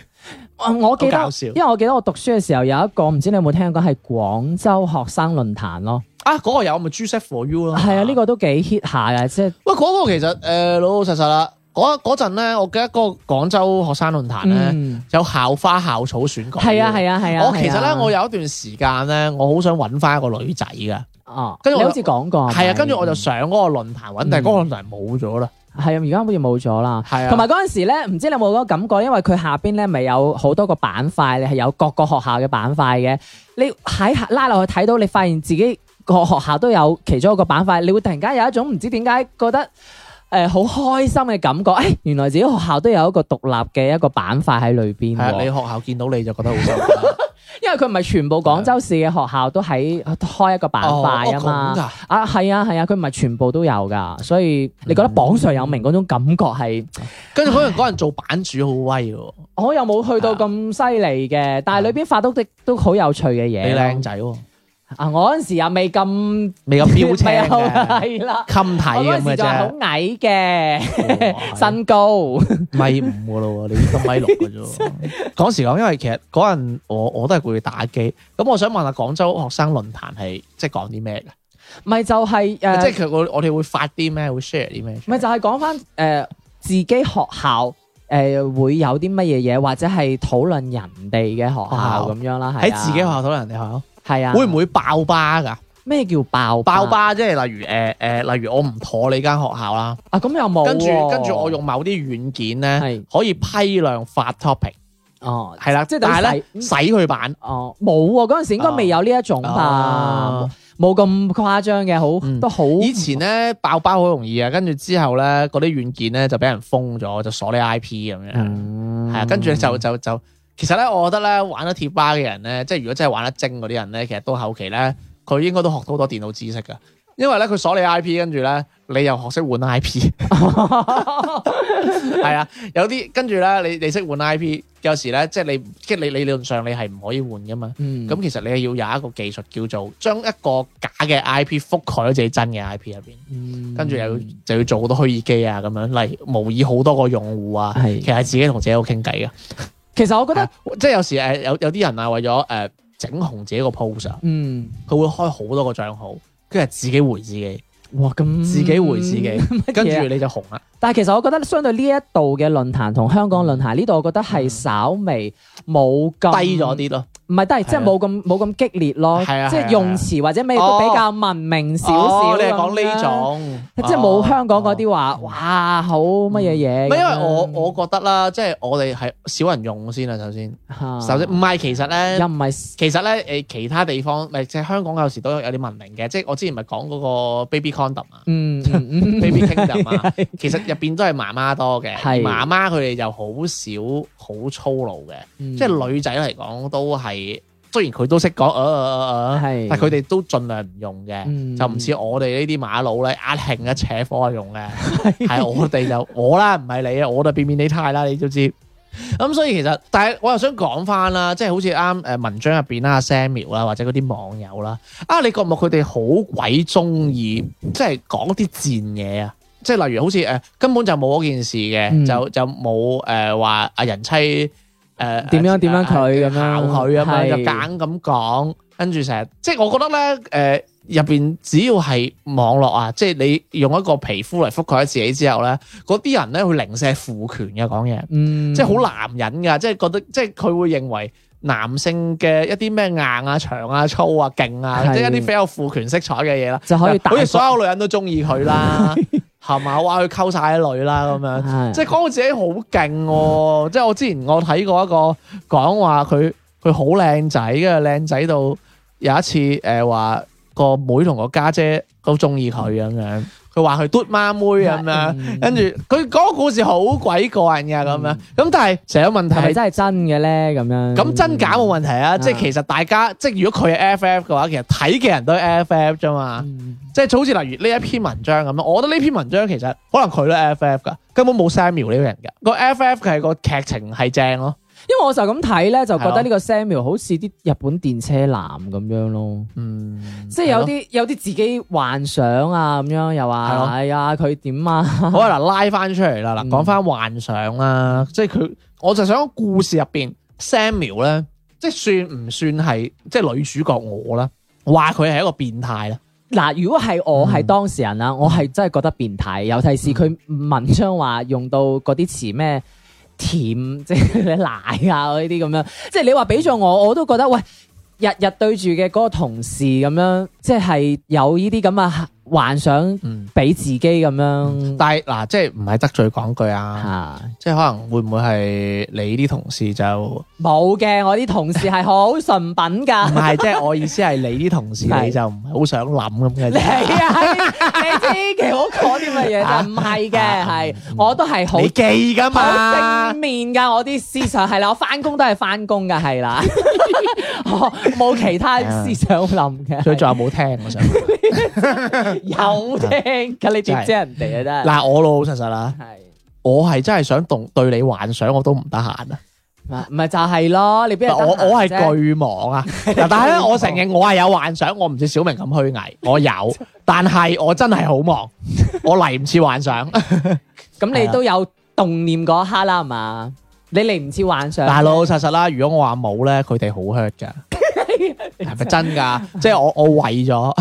Speaker 2: 我、
Speaker 1: 嗯、我記得，因為我記得我讀書嘅時候有一個，唔知你有冇聽過係廣州學生論壇咯。
Speaker 2: 啊，嗰、那個有咪《就是、G Set for You》咯？係啊，呢、啊、個都幾 hit 下嘅，即、就、係、是。喂，嗰、那個其實誒老，老老實實啦。嗰陣咧，我記得個廣州學生論壇咧、嗯、有校花校草選舉。係啊係啊係啊！啊啊啊我其實咧，我有一段時間咧，我好想揾翻一個女仔嘅。哦，跟住我你好似講過。係啊，跟住我就上嗰個論壇揾，但係嗰個論壇冇咗啦。係啊，而家好似冇咗啦。
Speaker 1: 係啊。同埋嗰陣時咧，唔知你有冇嗰個感覺？因為佢下邊咧咪有好多個板塊，你係有各個學校嘅板塊嘅。你喺拉落去睇到，你發現自己個學校都有其中一個板塊，你會突然間有一種唔知點解覺得。誒、好、呃、開心嘅感覺，誒、哎，原來自己學校都有一個獨立嘅一個板塊喺裏邊、啊啊。你學校見到你就覺得好開心， 因為佢唔係全部廣州市嘅學校都喺開一個板塊啊嘛。哦、啊，係啊係啊，佢唔係全部都有噶，所以你覺得榜上有名嗰種感覺係，
Speaker 2: 跟住可能嗰人做版主好威喎。
Speaker 1: 我又冇去到咁犀利嘅，啊、但係裏邊發到啲都好有趣嘅嘢。你靚仔喎。啊！我嗰時又未咁
Speaker 2: 未咁標青啦，
Speaker 1: 冚睇咁嘅啫。琴體 我嗰好矮嘅 身高、
Speaker 2: 哦， 米五噶咯，你都米六嘅啫。講 時講，因為其實嗰陣我我都係會打機。咁我想問下廣州學生論壇係即係講啲咩嘅？
Speaker 1: 咪就係、是、誒，即係其
Speaker 2: 實我我哋會發啲咩，會 share 啲咩？咪就係講翻誒自己
Speaker 1: 學校誒、呃、會有啲乜嘢嘢，或者係討論人哋嘅學校
Speaker 2: 咁、哦、樣啦。喺自己學校討論人哋學校。係啊，會唔會爆吧噶？咩叫爆爆吧？即係例如誒誒，例如我唔妥你間學校啦。啊，咁又冇。跟住跟住，我用某啲軟件咧，係，可以批量發 topic。哦，係啦，即係但係咧，洗佢版。哦，冇嗰陣時應該未有呢一種吧，冇咁誇張嘅，好都好。以前咧爆吧好容易啊，跟住之後咧嗰啲軟件咧就俾人封咗，就鎖你 IP 咁樣。係啊，跟住咧就就就。其實咧，我覺得咧，玩得貼吧嘅人咧，即係如果真係玩得精嗰啲人咧，其實到後期咧，佢應該都學到好多電腦知識噶。因為咧，佢鎖你 I P，跟住咧，你又學識換 I P。係啊，有啲跟住咧，你你識換 I P，有時咧，即係你即係你理論上你係唔可以換噶嘛。咁、嗯、其實你要有一個技術叫做將一個假嘅 I P 覆蓋喺自己真嘅 I P 入邊，跟住又要就要做好多虛擬機啊，咁樣嚟模擬好多個用戶啊。的其實自己同自己喺度傾偈噶。 其實我覺得、啊、即有時、呃、有有啲人啊為咗、呃、整紅自己個 post，嗯，佢會開好多個賬號，跟住自己回自己。哇！咁自己回自己，跟住你就紅啦。
Speaker 1: 但係其實我覺得相對呢一度嘅論壇同香港論壇呢度，我覺得係稍微冇咁低咗啲咯。唔係低，即係冇咁冇咁激烈咯。係啊，即係用詞或者咩都比較文明少少。哦，你係講呢種，即係冇香港嗰啲話，哇好乜嘢嘢。唔係因為我
Speaker 2: 我覺得啦，即係我哋係少人用先啦，首先，首先唔係其實咧，又唔係其實咧，誒其他地方咪即係香港有時都有啲文明嘅，即係我之前咪講嗰個 baby。嗯嗯嗯 Baby
Speaker 4: Kingdom
Speaker 2: 其實入邊都係媽媽多嘅，係是媽媽佢哋就好少好粗魯嘅，是即係女仔嚟講都係，雖然佢都識講、呃呃呃，係是，但佢哋都盡量唔用嘅，是就唔似我哋呢啲馬佬咧，壓興一扯火用嘅，係是我哋就 我啦，唔係你啊，我就面面你態啦，你都知。咁、嗯、所以其實，但係我又想講翻啦，即係好似啱誒文章入邊啦，Samuel 啦，或者嗰啲網友啦，啊，你覺唔覺佢哋好鬼中意，即係講啲賤嘢啊？即係例如好似誒、呃、根本就冇嗰件事嘅、嗯，就就冇誒話阿人妻誒點、呃、樣點、呃、樣佢咁、呃呃、樣佢咁嘛，的就揀咁講，跟住成日即係我覺得咧誒。呃入邊只要係網絡啊，即係你用一個皮膚嚟覆蓋咗自己之後咧，嗰啲人咧會零舍父權嘅講嘢，嗯，即係好男人噶，即係覺得即係佢會認為男性嘅一啲咩硬啊、長啊、粗啊、勁啊，即係是一啲比較父權色彩嘅嘢啦，就可以打，好似所有女人都中意佢啦，係嘛的，話佢溝晒啲女啦咁樣，即係講到自己好勁哦。嗯、即係我之前我睇過一個講話佢佢好靚仔嘅，靚仔到有一次誒話。個妹同個家姐，姐都中意佢咁樣，佢話佢嘟媽妹咁樣，跟住佢嗰個故事好鬼怪噶咁樣，咁、嗯、但係成個問題係真係真嘅咧咁樣，咁樣、嗯、真假冇問題啊，嗯、即係其實大家即係如果佢係 F F 嘅話，其實睇嘅人都 F F 咋嘛，嗯、即係好似例如呢一篇文章咁樣，我覺得呢篇文章其實可能佢都 F F 噶，根本冇 Samuel 呢個人噶，個 F F 佢係個劇情係正咯。因為我就咁睇咧，就覺得呢個 Samuel、哦、好
Speaker 1: 似啲日本電車男咁樣咯，嗯，即係有啲、哦、有啲自己幻
Speaker 2: 想啊咁樣又話，哦、哎呀佢點啊？好啊，嗱、嗯，拉翻出嚟啦，嗱，講翻幻想啦，即係佢，我就想故事入邊 Samuel 咧，即係算唔算係即係女主角我咧？話佢係一個變態咧？嗱，如果係
Speaker 1: 我係、嗯、當事人啦，我係真係覺得變態，尤其是佢文章話用到嗰啲詞咩？甜，即係奶啊！呢啲咁樣，即係你話俾咗我，我都覺得喂，日日對住嘅嗰個同事咁樣，即係有呢啲咁啊
Speaker 2: ～幻想俾自己咁樣，但係嗱，即係唔係得罪講句啊？即係可能會唔會係你啲同事就冇
Speaker 1: 嘅，我啲同事係
Speaker 2: 好純品㗎。唔係，即係我意思係你啲同事你就唔係好想諗咁嘅。係啊，你知
Speaker 1: 其好講啲乜嘢？就唔係嘅，係我都係好記㗎嘛，正面㗎，我啲思想係啦，我翻工都係翻工㗎，係啦，冇其他思
Speaker 2: 想諗嘅。所以仲有冇聽我想？
Speaker 1: 有聽，咁你接唔遮人哋啊真係。嗱，我
Speaker 2: 老老實實啦，係我係真係想動對你幻想，我都唔得閒啊。唔係就係咯，你邊我我係巨忙啊。但係咧，我承認我係有幻想，我唔似小明咁虛偽，我有，但係我真係好忙，我嚟唔切幻想。咁你都有
Speaker 1: 動念嗰一刻啦，係嘛？你嚟唔切幻想。但係老老
Speaker 2: 實實啦，如果我話冇咧，佢哋好 hurt 噶，係咪真噶？即係我我為咗。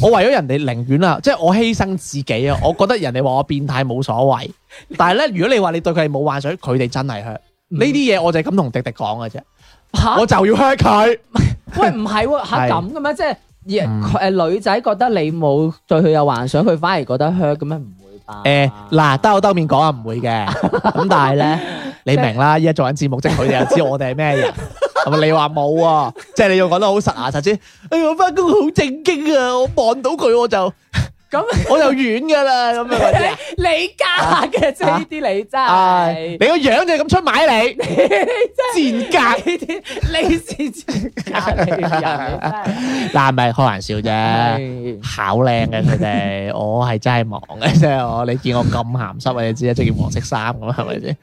Speaker 2: 我為咗人哋寧願啦，即係我犧牲自己啊！我覺得人哋話我變態冇所謂，但係咧，如果你話你對佢哋冇幻想，佢哋真係 hurt 呢啲嘢，我就係咁同迪迪講嘅啫。
Speaker 1: 我就要 hurt 佢。喂，唔係喎，係咁嘅咩？的即係誒，嗯、女仔覺得你冇對
Speaker 2: 佢有幻想，佢反而覺得 hurt 咁樣咩？唔會吧？誒、欸，嗱，兜口兜面講啊，唔會嘅。咁但係咧， 你明啦？依家做緊節目，即係佢哋又知我哋係咩人。 係咪 你話冇啊？即係你要講得好實牙實齒。哎呀，我翻工好正經啊！我望到佢我就。 咁我就軟噶啦，咁啊，
Speaker 1: 你加嘅即係呢啲，
Speaker 2: 你真係你個樣就咁出賣你，賤格呢啲，你是賤格嘅人。嗱，咪開玩笑啫，好靚嘅佢哋，我係真係忙嘅，即係我，你見我咁鹹濕，你知啦，着件黃色衫咁啊，係咪先？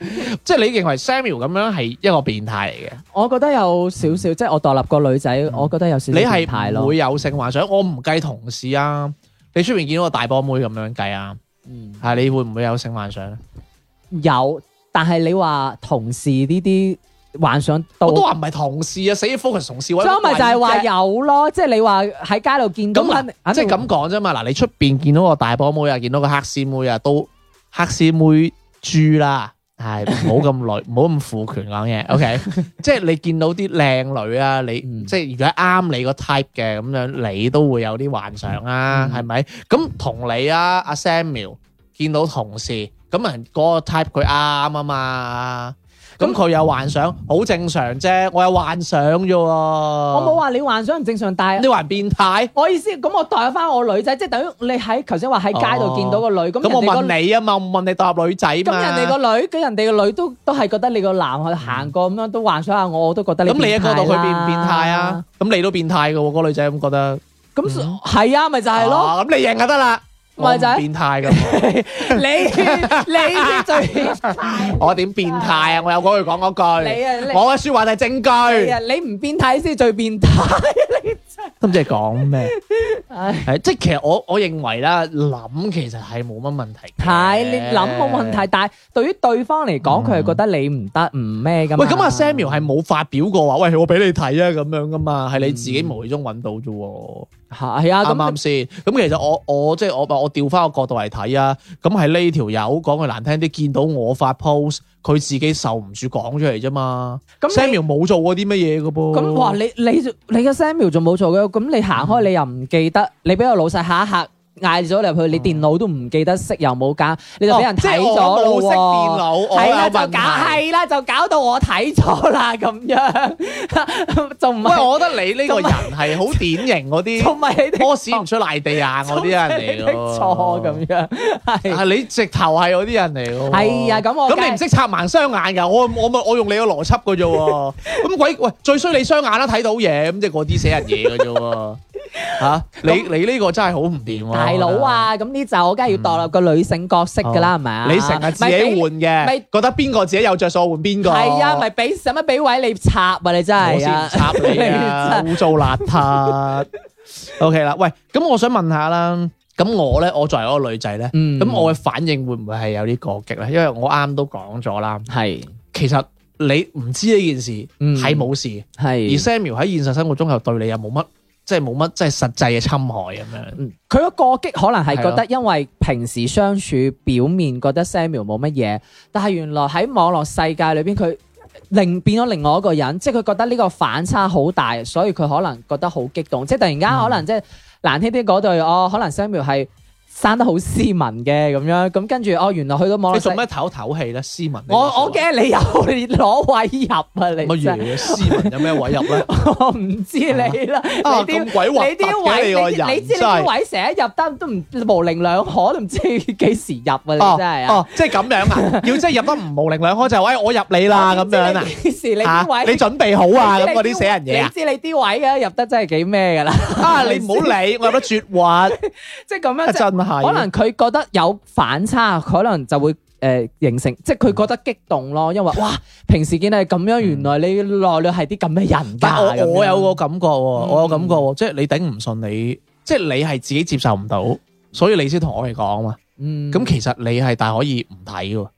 Speaker 2: 即係你認為 Samuel 咁樣係一個變態嚟嘅？
Speaker 1: 我覺得有少少，即係我獨立個女仔，我覺得有
Speaker 2: 少少。你係會有性幻想？我唔計同事啊。你出面見到個大波妹咁樣計啊，係、嗯、你會唔會有性幻想？有，但係你話同事呢啲幻想，我都話唔係同事啊，死咗 focus 同事。所以咪就係話
Speaker 1: 有咯，即係你話喺街度見到咁，即係咁
Speaker 2: 講啫嘛。嗱，你出邊見到個大波妹啊，見到個黑絲妹啊，都黑絲妹住啦。係，唔好咁累，唔好咁附權講嘢。O、okay? K， 即係你見到啲靚女啊，你、嗯、即係如果啱你個 type 嘅咁樣，你都會有啲幻想啊，係咪、嗯？咁同你啊，阿 Samuel 見到同事，咁人嗰個 type 佢啱啊嘛。咁佢有幻想，好正常啫。我有幻想啫喎。我冇
Speaker 1: 話你幻想唔正常，但係你話變態。我意思，咁我代翻我女仔，即係等於你喺頭先話喺街度見到個女，咁我問你啊
Speaker 2: 嘛，我唔問你代女仔嘛。咁人哋個
Speaker 1: 女，咁人哋個女都都係覺得你個男去行過咁樣都幻想下我，我都覺得你。咁你亦覺得佢變唔變態
Speaker 2: 啊？咁你都變態噶？嗰個女仔咁覺得？咁係啊，咪就係咯。咁你認就得啦。咪就係變態噶， 你你先最變態， 我點變態啊？我有講佢講嗰句，你啊，我嘅説話就係證據。係
Speaker 1: 啊，你唔變態先
Speaker 2: 最變態，你真都唔知係講咩。係即係其實我我認為啦，諗其實係冇乜問題。係你諗冇問題，但係對於對方
Speaker 1: 嚟講，佢係、嗯、覺得你唔得唔咩噶。喂，咁阿
Speaker 2: Samuel 係冇發表過話，喂我俾你睇啊咁樣噶嘛，係你自己無意中揾到啫。嗯係啊，啱唔啱先？咁其實我我即係我我，我調翻個角度嚟睇啊，咁係呢條友講句難聽啲，見到我發 post，佢自己受唔住講出嚟啫嘛。你 Samuel 冇做過啲乜嘢㗎噃。咁話，你你
Speaker 1: 你嘅 Samuel 仲冇做嘅，咁你行開你又唔記得，你俾個老細嚇一嚇。嗌咗入去，你電腦都唔記得識又冇加，你就俾人睇咗咯喎！係啦、哦、就搞，係啦就搞到我睇錯啦咁
Speaker 2: 樣，就 唔是。喂，我覺得你呢個人係好典型嗰啲，同埋你哋屙屎唔出賴地眼嗰啲人嚟咯，錯咁樣係。啊，你直頭係嗰啲人嚟嘅。係啊，咁我咁你唔識插盲雙眼噶？我我咪我用你嘅邏輯嘅啫喎。咁 鬼喂，最衰你雙眼都睇到嘢咁即係嗰啲死人嘢嘅啫喎。 吓你你呢個真係好唔掂喎！大佬
Speaker 1: 啊，咁呢就我梗係要墮入個女性角色噶啦，係咪啊？你成日自己換嘅，咪覺得
Speaker 2: 邊個自己有著數換邊個？係啊，咪
Speaker 1: 俾使乜俾位你插啊？你真係我先插你
Speaker 2: 啊！污糟邋遢。OK 啦，喂，咁我想問下啦，咁我咧，我作為一個女仔咧，咁我嘅反應會唔會係有啲過激咧？因為我啱啱都講咗啦，係其實你唔知呢件事係冇事，係而 Samuel 喺現實生活中又對你又冇乜。即係冇乜，即係實際嘅侵害咁樣。
Speaker 1: 嗯，
Speaker 2: 佢個過激可
Speaker 1: 能係覺得，因為平時相處的表面覺得 Samuel 冇乜嘢，但係原來喺網絡世界裏邊，佢另變咗另外一個人，即係佢覺得呢個反差好大，所以佢可能覺得好激動，即係突然間可能、嗯、即係難聽啲嗰對，哦，可能 Samuel 係。生得好斯文嘅咁樣，咁跟住哦，原來去到網絡。做咩唞唞氣咧？斯文。我我驚你又攞位入啊！你原來斯文有咩位入咧？我唔知你啦，你啲位，你啲位，你知你啲位成日入得都
Speaker 2: 唔模棱兩可，都唔知幾時入啊！你真係啊！哦，即係咁樣啊！要即係入得唔模棱兩可就誒我入你啦咁樣啊！嚇！你準備好啊？咁嗰啲死人嘢啊？知
Speaker 1: 你啲位啊？入得真係幾咩㗎啦？啊！你唔好理，我入得絕雲，即係咁樣可能佢覺得有反差，可能就會誒形成，即係佢覺得激
Speaker 2: 動咯，因為哇，平時見你咁
Speaker 1: 樣，原來你內裏係啲咁嘅人。但我
Speaker 2: 有個感覺，我有感覺，即係你頂唔順你，即係你係自己接受唔到，所以你先同我哋講嘛。嗯，咁其實你係但可以唔睇嘅，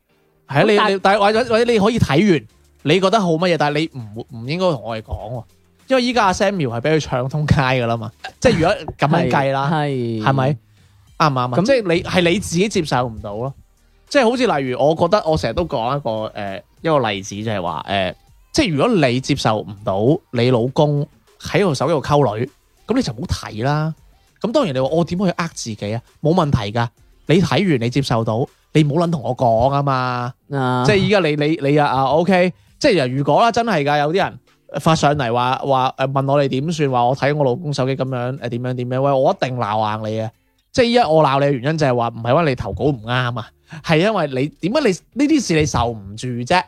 Speaker 2: 係啊，你但係或者或者你可以睇完，你覺得好乜嘢，但係你唔唔應該同我哋講，因為依家阿 Samuel 係俾佢唱通街噶啦嘛，即係如果咁樣計啦，係係咪？啱唔啱？咁、嗯、即係你係、嗯、你自己接受唔到咯，即係好似例如，我覺得我成日都講一個誒、呃、一個例子就，就係話誒，即係如果你接受唔到你老公喺度手機度溝女，咁你就唔好睇啦。咁當然你話我點可以呃自己啊？冇問題噶，你睇完你接受到，你唔好撚同我講啊嘛。啊即係依家你你你啊啊，O K，即係如果啦，真係噶有啲人發上嚟話話誒問我哋點算，話我睇我老公手機咁樣誒，點樣、呃、點樣喂，我一定鬧硬你啊！即係依家我鬧你嘅原因就係話唔係話你投稿唔啱啊，係因為你點解你呢啲事你受唔住啫？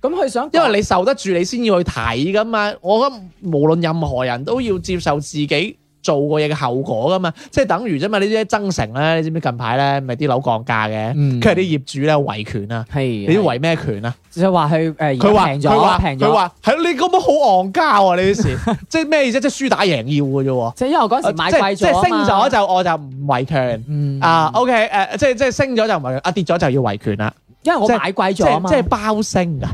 Speaker 2: 咁佢想，因為你受得住你先要去睇噶嘛。我覺得，無論任何人都要接受自己。做過嘢嘅後果噶嘛，即係等於啫嘛。呢啲增城咧，你知唔知近排咧，咪啲樓降價嘅，跟住啲業主咧維權啊。係，你維咩權啊？就話佢誒，佢平咗，佢平咗，佢話係你咁樣好戇鳩啊！你啲事，即係咩意思？即係輸打贏要嘅啫。即係因為我嗰時買貴咗，升咗就我就唔維權啊。OK，誒，即係即係升咗就唔維，啊跌咗就要維權啦。
Speaker 1: 因為我買貴咗即係包升噶，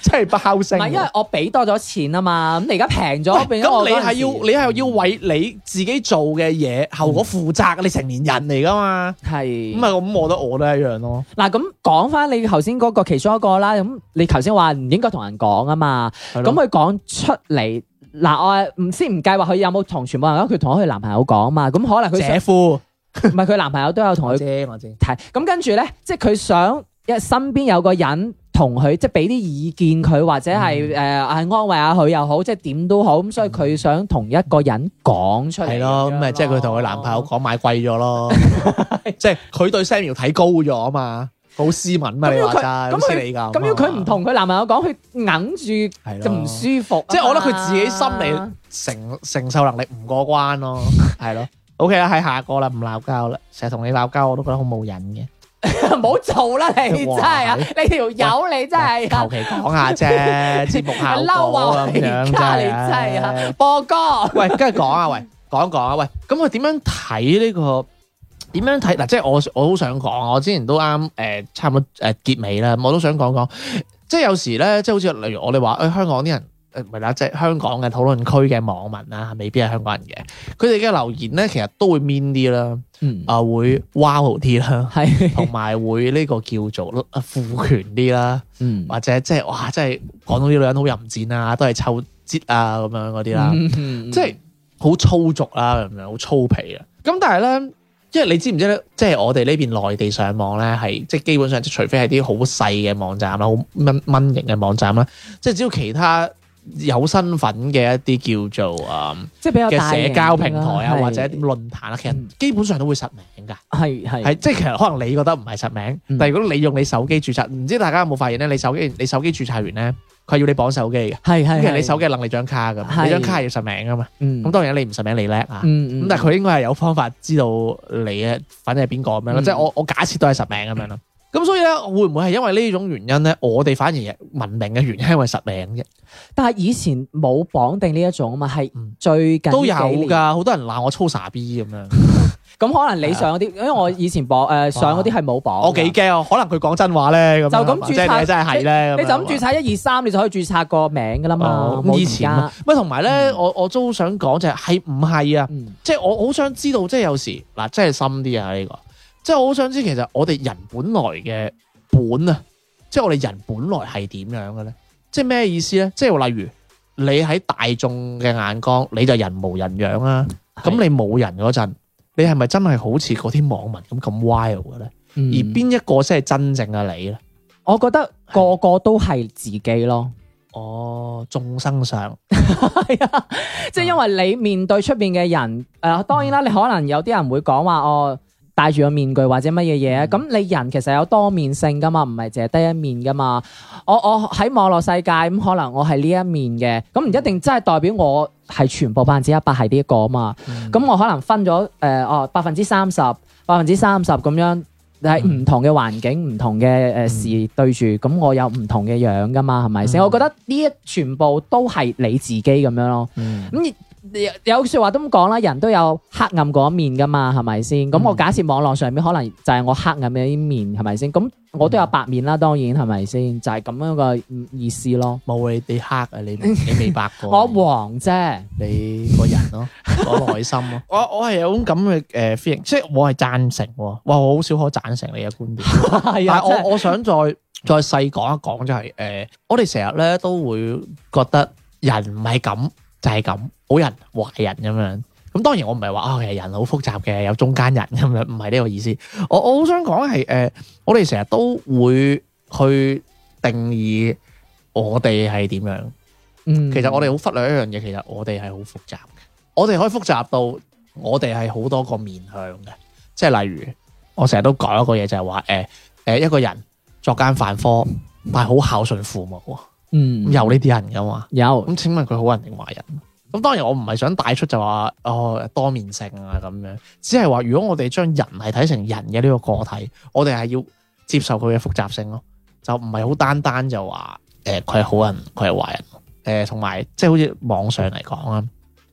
Speaker 1: 即係包升，啊。唔 係， 啊、因為我俾多咗錢啊嘛，咁喂你而
Speaker 2: 家平咗咁你係要你係要為你自己做嘅嘢後果負責，嗯、你成年人嚟噶嘛？係是。咁啊咁，我都我都一樣咯。嗱，咁講翻你頭先
Speaker 1: 嗰個其中一個啦。咁你頭先話唔應該同人講啊嘛。咁佢講出嚟，嗱我唔先唔計話佢有冇同全部人，佢同佢男朋友講啊嘛。咁可能佢姐夫。唔係佢男朋友都有同佢睇，咁跟住咧，即係佢想，因為身邊有個人同佢，即係俾啲意見佢，或者係誒係安慰下佢又好，即係點都好，咁所以佢想同一個人
Speaker 2: 講出嚟。係咯的，咁啊，即係佢同佢男朋友講買貴咗咯， 即係佢對 Samuel 睇高咗啊嘛，好斯文嘛，啊， 你話齋，咁你咁樣佢唔同佢男朋友講，佢的硬住就唔舒服，啊，即係，就是，我覺得佢自己心理承承受能力唔過關咯，係咯。 O K 啦，係、okay，下個啦，唔鬧交啦，成日同你鬧交，我都覺得好冇癮嘅。唔好 做啦，你真係啊！
Speaker 1: 你條友你真係求其
Speaker 2: 講下啫，節目下歌咁樣你真係啊！播歌哥， 喂，跟住講啊，喂，講一講啊，喂，咁、啊、我點樣睇呢、這個？點樣睇嗱？即、啊、係、就是、我我好想講我之前都啱誒、呃，差唔多誒結尾啦，我都想講講。即係有時咧，即係好似例如我哋話去香港啲人、家人、家人家。唔係啦，即係香港嘅討論區嘅網民啦，未必係香港人嘅。佢哋嘅留言咧，其實都會 mean 啲啦，嗯、啊會挖好啲啦，係的，同埋會呢個叫做、嗯就是就是、啊負權啲啦，嗯，或者即係哇，即係廣東啲女人好淫賤啊，都係抽脂啊咁樣嗰啲啦，即係好粗俗啦，咁樣好粗鄙啊。咁但係咧，即係你知唔知咧？即係我哋呢邊內地上網咧，係即係基本上，除非係啲好細嘅網站啦，好蚊蚊型嘅網站啦，即係只要其他。有身份嘅一啲叫做啊，即係比較社交平台啊，或者論壇啊，其實基本上都會實名㗎。係係，即係其實可能你覺得唔係實名，但係如果你用你手機註冊，唔知大家有冇發現咧？你手機你手機註冊完咧，佢要你綁手機㗎。係係，你手機嘅能力張卡㗎，你張卡係要實名㗎嘛。咁當然你唔實名你叻啊，咁但係佢應該係有方法知道你反正係邊個咁樣咯。即係我我假設都係實名咁樣咯。咁所以咧，會唔會係因為呢種原因咧？我哋反而文明嘅原因因為實名嘅，但係以前冇綁
Speaker 1: 定呢一種啊嘛，係最近、嗯、都有噶
Speaker 2: 好多人鬧我粗傻 B 咁樣。
Speaker 1: 咁 可能你上嗰啲，啊、因為我以前綁誒上嗰啲係冇綁，我幾驚啊！可能佢講真話咧，就咁註冊真係係咧。你就咁註冊一二三，2 1, 2, 3, 你就可以註冊個名噶啦嘛。哇以前
Speaker 2: 乜同埋咧，我都是是、嗯、我都想講就係唔係啊，即係我好想知道，即係有時嗱，真係深啲啊呢個。即係我好想知，其實我哋人本來嘅本啊，即係我哋人本來係點樣嘅咧？即係咩意思咧？即係例如你喺大眾嘅眼光，你就人模人樣啊？咁你冇人嗰陣，你係咪真係好似嗰啲網民咁咁歪
Speaker 4: 嘅咧？而
Speaker 2: 邊一個先係真正嘅你咧？我覺得個個都係自己咯。哦，眾生相，係
Speaker 1: 啊，即係因為你面對出邊嘅人，誒，當然啦，你可能有啲人會講話哦。戴住個面具或者乜嘢嘢咧？咁、嗯、你人其實有多面性噶嘛，唔係淨係得一面噶嘛。我我喺網絡世界咁，可能我係呢一面嘅，咁唔一定真係代表我係全部百分之一百係呢一個啊嘛。咁、嗯、我可能分咗誒哦，百分之三十、百分之三十咁樣喺唔、嗯、同嘅環境、唔同嘅誒事對住，咁、嗯、我有唔同嘅樣噶嘛，係咪先？嗯、我覺得呢一全部都係你自己咁樣咯。嗯。嗯。有說話都咁講啦，人都有黑暗嗰面噶嘛，係咪先？咁我假設網絡上面可能就係我黑暗嘅一面，係咪先？咁我都有白面啦，當然
Speaker 2: 係咪先？就係咁樣個意思咯。冇你你黑啊，你你未白過。我黃啫，你個人咯，我內心咯。我我係有種咁嘅誒 feel，即係我係贊成，哇，我好少可贊成你嘅觀點。但係我我想再再細講一講，就係誒，我哋成日咧都會覺得人唔係咁。就係咁好人壞人咁樣，咁當然我唔係話啊，人好複雜嘅，有中間人咁樣，唔係呢個意思。我我好想講係誒，我哋成日都會去定義我哋係點樣。嗯，其實我哋好忽略一樣嘢，其實我哋係好複雜嘅。我哋可以複雜到我哋係好多個面向嘅，即係例如我成日都講一個嘢就係話誒誒一個人作奸犯科，但係好孝順父母。嗯，有呢啲人㗎嘛？有，咁請問佢好人定壞人？咁當然我唔係想帶出就話哦多面性啊，咁樣，只係話如果我哋將人係睇成人嘅呢個個體，我哋係要接受佢嘅複雜性咯，啊，就唔係好單單就話誒佢係好人佢係壞人誒，同埋即係好似網上嚟講啊，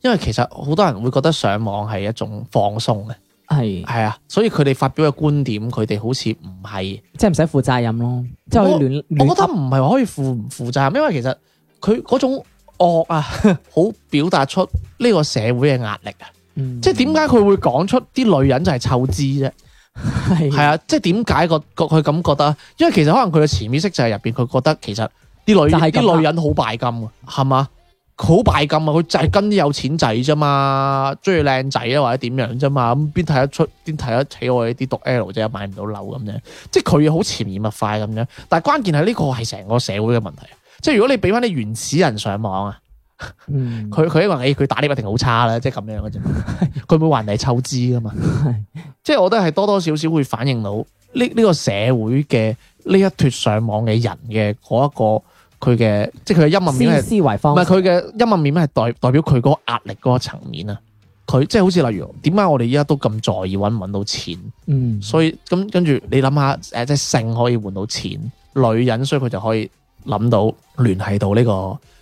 Speaker 2: 因為其實好多人會覺得上網係一種放鬆嘅。係係啊，所以佢哋發表嘅觀點，佢哋好似唔係，即係唔使負責任咯。即係我，亂說 我覺得唔係可以負唔負責任，因為其實佢嗰種惡啊，好 表達出呢個社會嘅壓力啊。嗯，即係點解佢會講出啲女人就係臭資啫？係啊的，即係點解個佢咁覺得？因為其實可能佢嘅潛意識就係入邊，佢覺得其實啲女啲女人好拜金噶，係咪好拜金啊！佢就係跟啲有錢仔啫嘛，中意靚仔啊或者點樣啫嘛，咁邊睇得出邊睇得起我哋啲讀 L 仔買唔到樓咁樣？即係佢好潛移默化咁樣。但係關鍵係呢個係成個社會嘅問題。即係如果你俾翻啲原始人上網啊，佢佢話誒佢打字一定好差啦，即係咁樣嘅啫。佢冇話人哋抽脂噶嘛。 即係我都係多多少，少少會反映到呢、呢、呢個社會嘅呢一脱上網嘅人嘅嗰一個。佢嘅即係佢嘅陰暗面係，思維方唔係佢嘅陰暗面咩？係代代表佢個壓力個層面啊？佢即係好似例如，點解我哋依家都咁在意揾唔揾到錢？嗯，所以咁跟住你諗下，誒，即係性可以換到錢，女人所以佢就可以諗到聯繫到呢個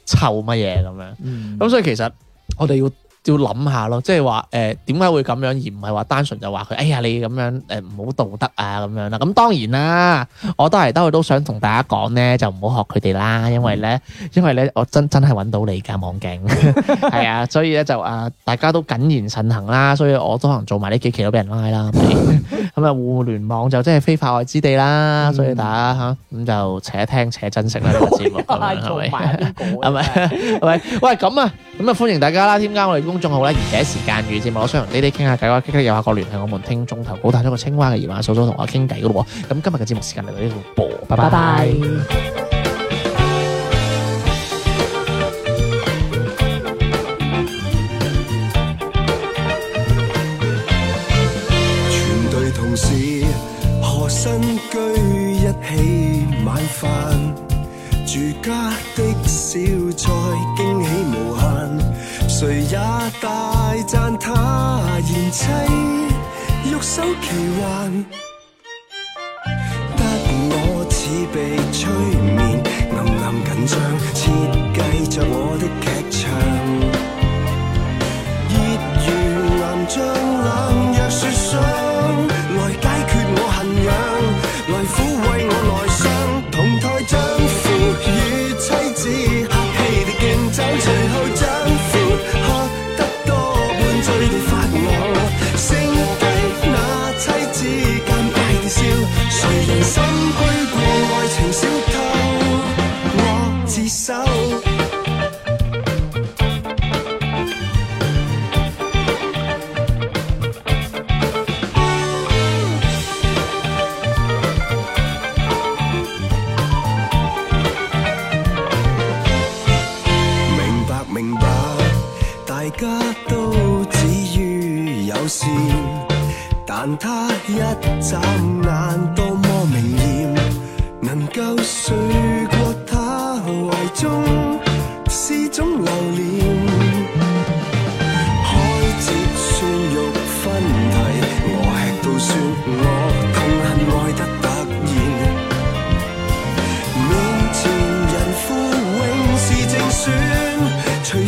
Speaker 2: 臭乜嘢咁樣。嗯，咁所以其實我哋要。要諗下咯，即係話誒，點解會咁樣而唔係話單純就話佢，哎呀你咁樣誒唔好道德啊咁樣啦。咁當然啦，我都係都係都想同大家講咧，就唔好學佢哋啦，因為咧，因為咧我真真係揾到你噶網警，係 啊，所以咧就誒、啊，大家都謹言慎行啦。所以我都可能做埋呢幾期都俾人拉啦。咁啊， 互聯網就真係非法外之地啦，所以大家吓咁就且聽且珍惜啦個節目咁樣係咪？係咪？喂喂咁啊，咁、啊 吧哎、啊歡迎大家啦，添加我哋。公眾號啦，而且時間與，節目我想同你哋傾下偈，話激激有下個聯繫，我們聽眾投稿，帶咗個青蛙嘅言話，數數同我傾偈噶咯喎。咁今日嘅節目時間嚟到呢度播，bye bye 拜拜。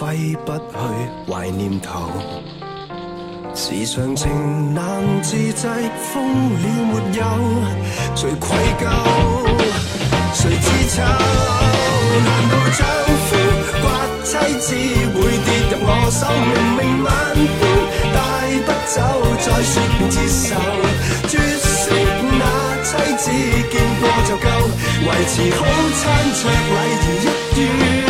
Speaker 3: 揮不去懷念頭，時常情難自制，瘋了沒有？誰愧疚？誰知醜？難道丈夫摑妻子會跌入我手？明明晚風帶不走，再說便接受。絕色那妻子見過就夠，維持好餐桌禮儀一丟。